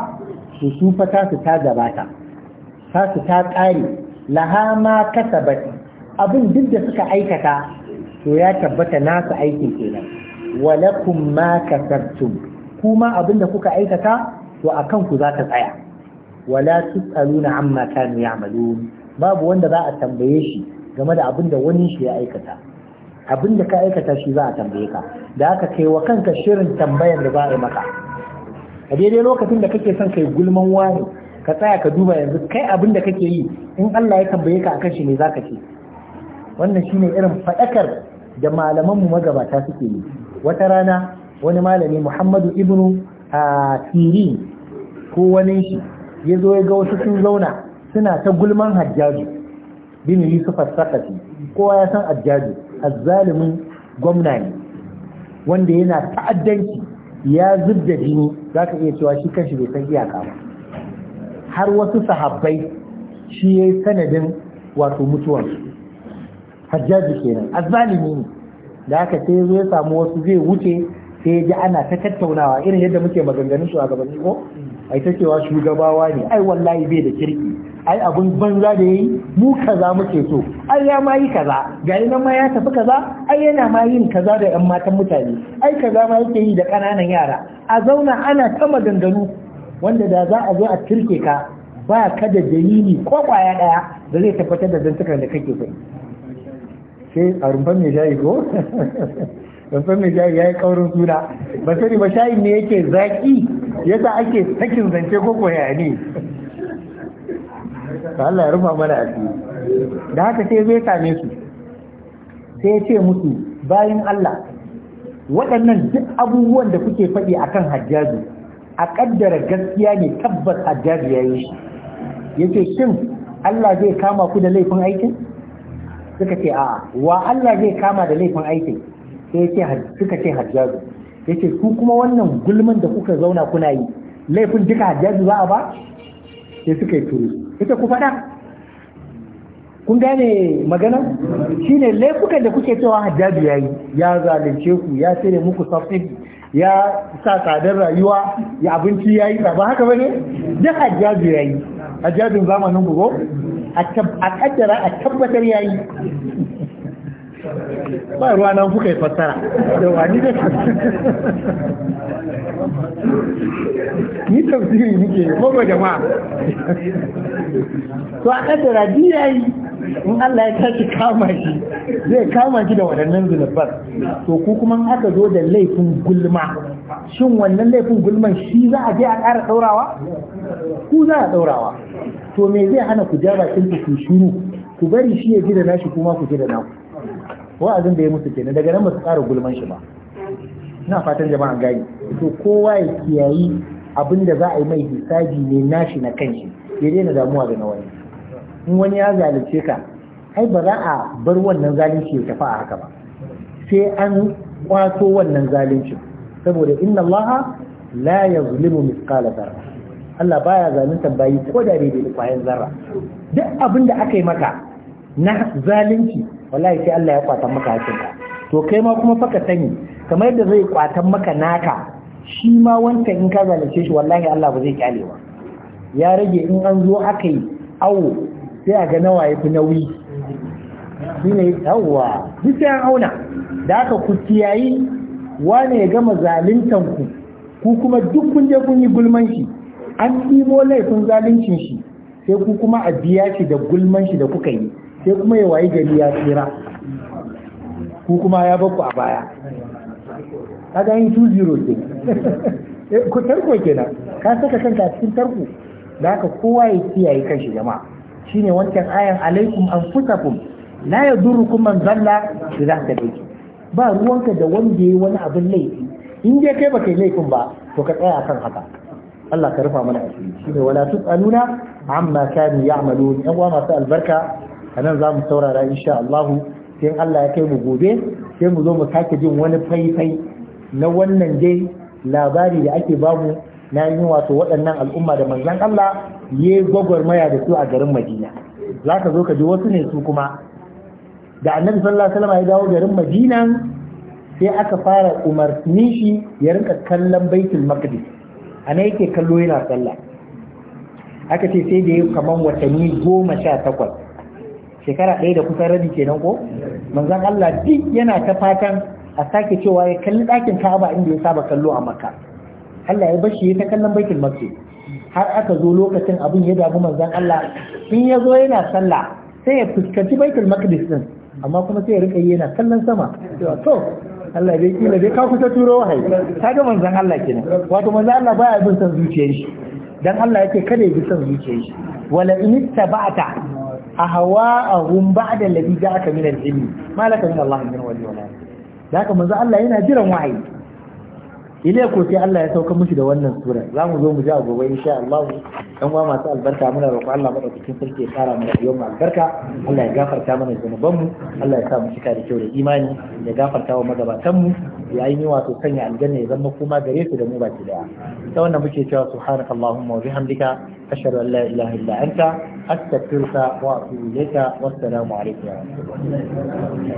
su su fa ta su ta gabata ta su ta ƙare laha ma kasabat abin duk da suka aikata to ya tabbata nasa aikin kenan walakum ma kasabtum kuma abinda kuka aikata to akan ku za ta tsaya wala tusaluna amma kanu ya'malun babu wanda za a tambaye shi game da abinda wani shi ya aikata abinda ka aikata shi za a tambaye ka da haka kai wa kanka shirin tambayar da za a yi maka a daidai lokacin da kake son kai gulman wani ka tsaya ka duba yanzu kai abin da kake yi in Allah ya tambaye ka akan shi ne zaka ce wannan shine irin fadakar da malamanmu magabata suke yi wata rana wani malami muhammadu ibnu a tiri ko wani shi ya zo ya ga wasu sun zauna suna ta gulman hajjaju bin yusuf sakati kowa ya san hajjaju azzalimin gwamna wanda yana ta'addanci ya zubda jini ka iya cewa shi kanshi bai san iyaka ba har wasu sahabbai shi yi sanadin wato mutuwansu hajjaji kenan azzalimi ne da haka sai ya samu wasu zai wuce sai ya ji ana ta tattaunawa irin yadda muke maganganun su a gabanin ko ai ta cewa shugabawa ne ai wallahi bai da kirki ai abun banza da yayi mu kaza muke so ai ya ma yi kaza ga nan ma ya tafi kaza ai yana ma yin kaza da yan matan mutane ai kaza ma yake yi da ƙananan yara a zauna ana ta maganganu wanda da za a zo a kirke ka ba ka da dalili ko kwaya daya da zai tabbatar da zantukan da kake so sai a rumfan mai shayi ko rumfan mai shayi ya yi kaurin suna ba sani ba shayin ne yake zaƙi yasa ake sakin zance ko koya ne Allah ya rufa mana asiri da haka sai zai same su sai ya ce musu bayan Allah waɗannan duk abubuwan da kuke faɗi akan hajjaji a ƙaddara gaskiya ne tabbas hajjaji ya yi shi ya ce shin Allah zai kama ku da laifin aikin suka ce a wa Allah zai kama da laifin aikin sai ce suka ce hajjazu yace ku kuma wannan gulman da kuka zauna kuna yi laifin duka hajjazu za a ba sai suka yi turu ita ku faɗa kun gane magana shine laifukan da kuke cewa hajjazu yayi ya zalunce ku ya tsere muku safi ya sa tsadar rayuwa ya abinci ya yi ba haka ba ne duk hajjaji ya yi hajjajin zamanin bugo a kaddara a tabbatar ya yi ba ruwa nan kuka yi fassara da wani da ni tafsiri nike ko ba jama'a to a kaddara ji ya yi in Allah ya tashi kama shi zai kama shi da waɗannan zunubar to ku kuma aka zo da laifin gulma shin wannan laifin gulman shi za a je a ƙara ɗaurawa ku za a ɗaurawa to me zai hana ku ja bakin ku shiru ku bari shi ya ji da nashi kuma ku ji da naku wa'azin da ya mutu kenan daga nan ba su ƙara gulman shi ba ina fatan jama'a gani to kowa ya kiyayi abin da za a yi mai hisabi ne nashi na kanshi ya daina damuwa da na wani in wani ya zalunce ka ai ba za a bar wannan zalunci ya tafi a haka ba sai an kwato wannan zalunci saboda inna allaha la yazlimu mithqala dharra Allah baya zalunta bayi ko da daidai da kwayan zarra duk abin da aka yi maka na zalunci wallahi sai Allah ya kwatan maka ka. to kai ma kuma faka sani kamar yadda zai kwatan maka naka shi ma wancan in ka zalunce shi wallahi Allah ba zai kyale ba ya rage in an zo aka yi awo sai a ga nawa ya fi nauyi shi ne yawwa duk sai an auna da aka ku tiyayi wane ya gama zaluntan ku ku kuma duk kun je kun yi gulman shi an ɗibo laifin zaluncin shi sai ku kuma a biya shi da gulman shi da kuka yi sai kuma ya wayi gari ya tsira ku kuma ya bakku a baya ga yin 2-0 ke eh, ku tarko kenan ka saka kanka cikin tarko da aka kowa ya kiyaye kan shi jama'a shine wancan ayan alaikum anfusakum la yadurrukum man zalla idan ta dake ba ruwanka da wanda yayi wani abin laifi in dai kai baka yi laifin ba to ka tsaya akan haka Allah ka rufa mana asiri shine wala tusaluna amma kanu ya'malun yan uwa masu albarka nan za mu saurara insha Allah sai Allah ya kai mu gobe sai mu zo mu sake jin wani faifai na wannan dai labari da ake bamu na yi wato waɗannan al'umma da manzan Allah ya yi gwagwarmaya da su a garin Madina za ka zo ka ji wasu ne su kuma da annabi sallallahu alaihi wasallam ya dawo garin Madina sai aka fara umarnin shi ya rinka kallon Baitul Maqdis ana yake kallo yana sallah aka ce sai da ya kaman watanni goma sha takwas shekara ɗaya da kusan rabi kenan ko manzan Allah duk yana ta fatan a sake cewa ya kalli ɗakin Ka'aba inda ya saba kallo a Makka Allah ya bashi ya ta kallon baitul maqdis har aka zo lokacin abin ya damu manzon Allah in ya zo yana sallah sai ya fuskanci baitul maqdis din amma kuma sai ya rika yana kallon sama cewa to Allah bai kila bai ka kusa turo wahayi kaga manzon Allah kenan wato manzon Allah baya bin san zuciyar shi dan Allah yake kada ya bi san zuciyar shi wala in tabata ahwa'ahum ba'da alladhi ja'aka min al-ilmi malaka min Allah min wali wala manzon Allah yana jiran wahayi ile ko sai Allah ya sauka mushi da wannan sura za mu zo mu ji a gobe insha Allah dan uwa masu albarka muna roƙon Allah madaukakin sarki ya fara mana yau mu albarka Allah ya gafarta mana zanuban mu Allah ya sa mu cika da kyau da imani ya gafarta wa magabatan mu ya yi wato sanya aljanna ya zama kuma gare su da mu baki daya ta wannan muke cewa subhanakallahumma wa bihamdika ashhadu an la ilaha illa anta astaghfiruka wa atubu ilayka wassalamu alaikum wa rahmatullahi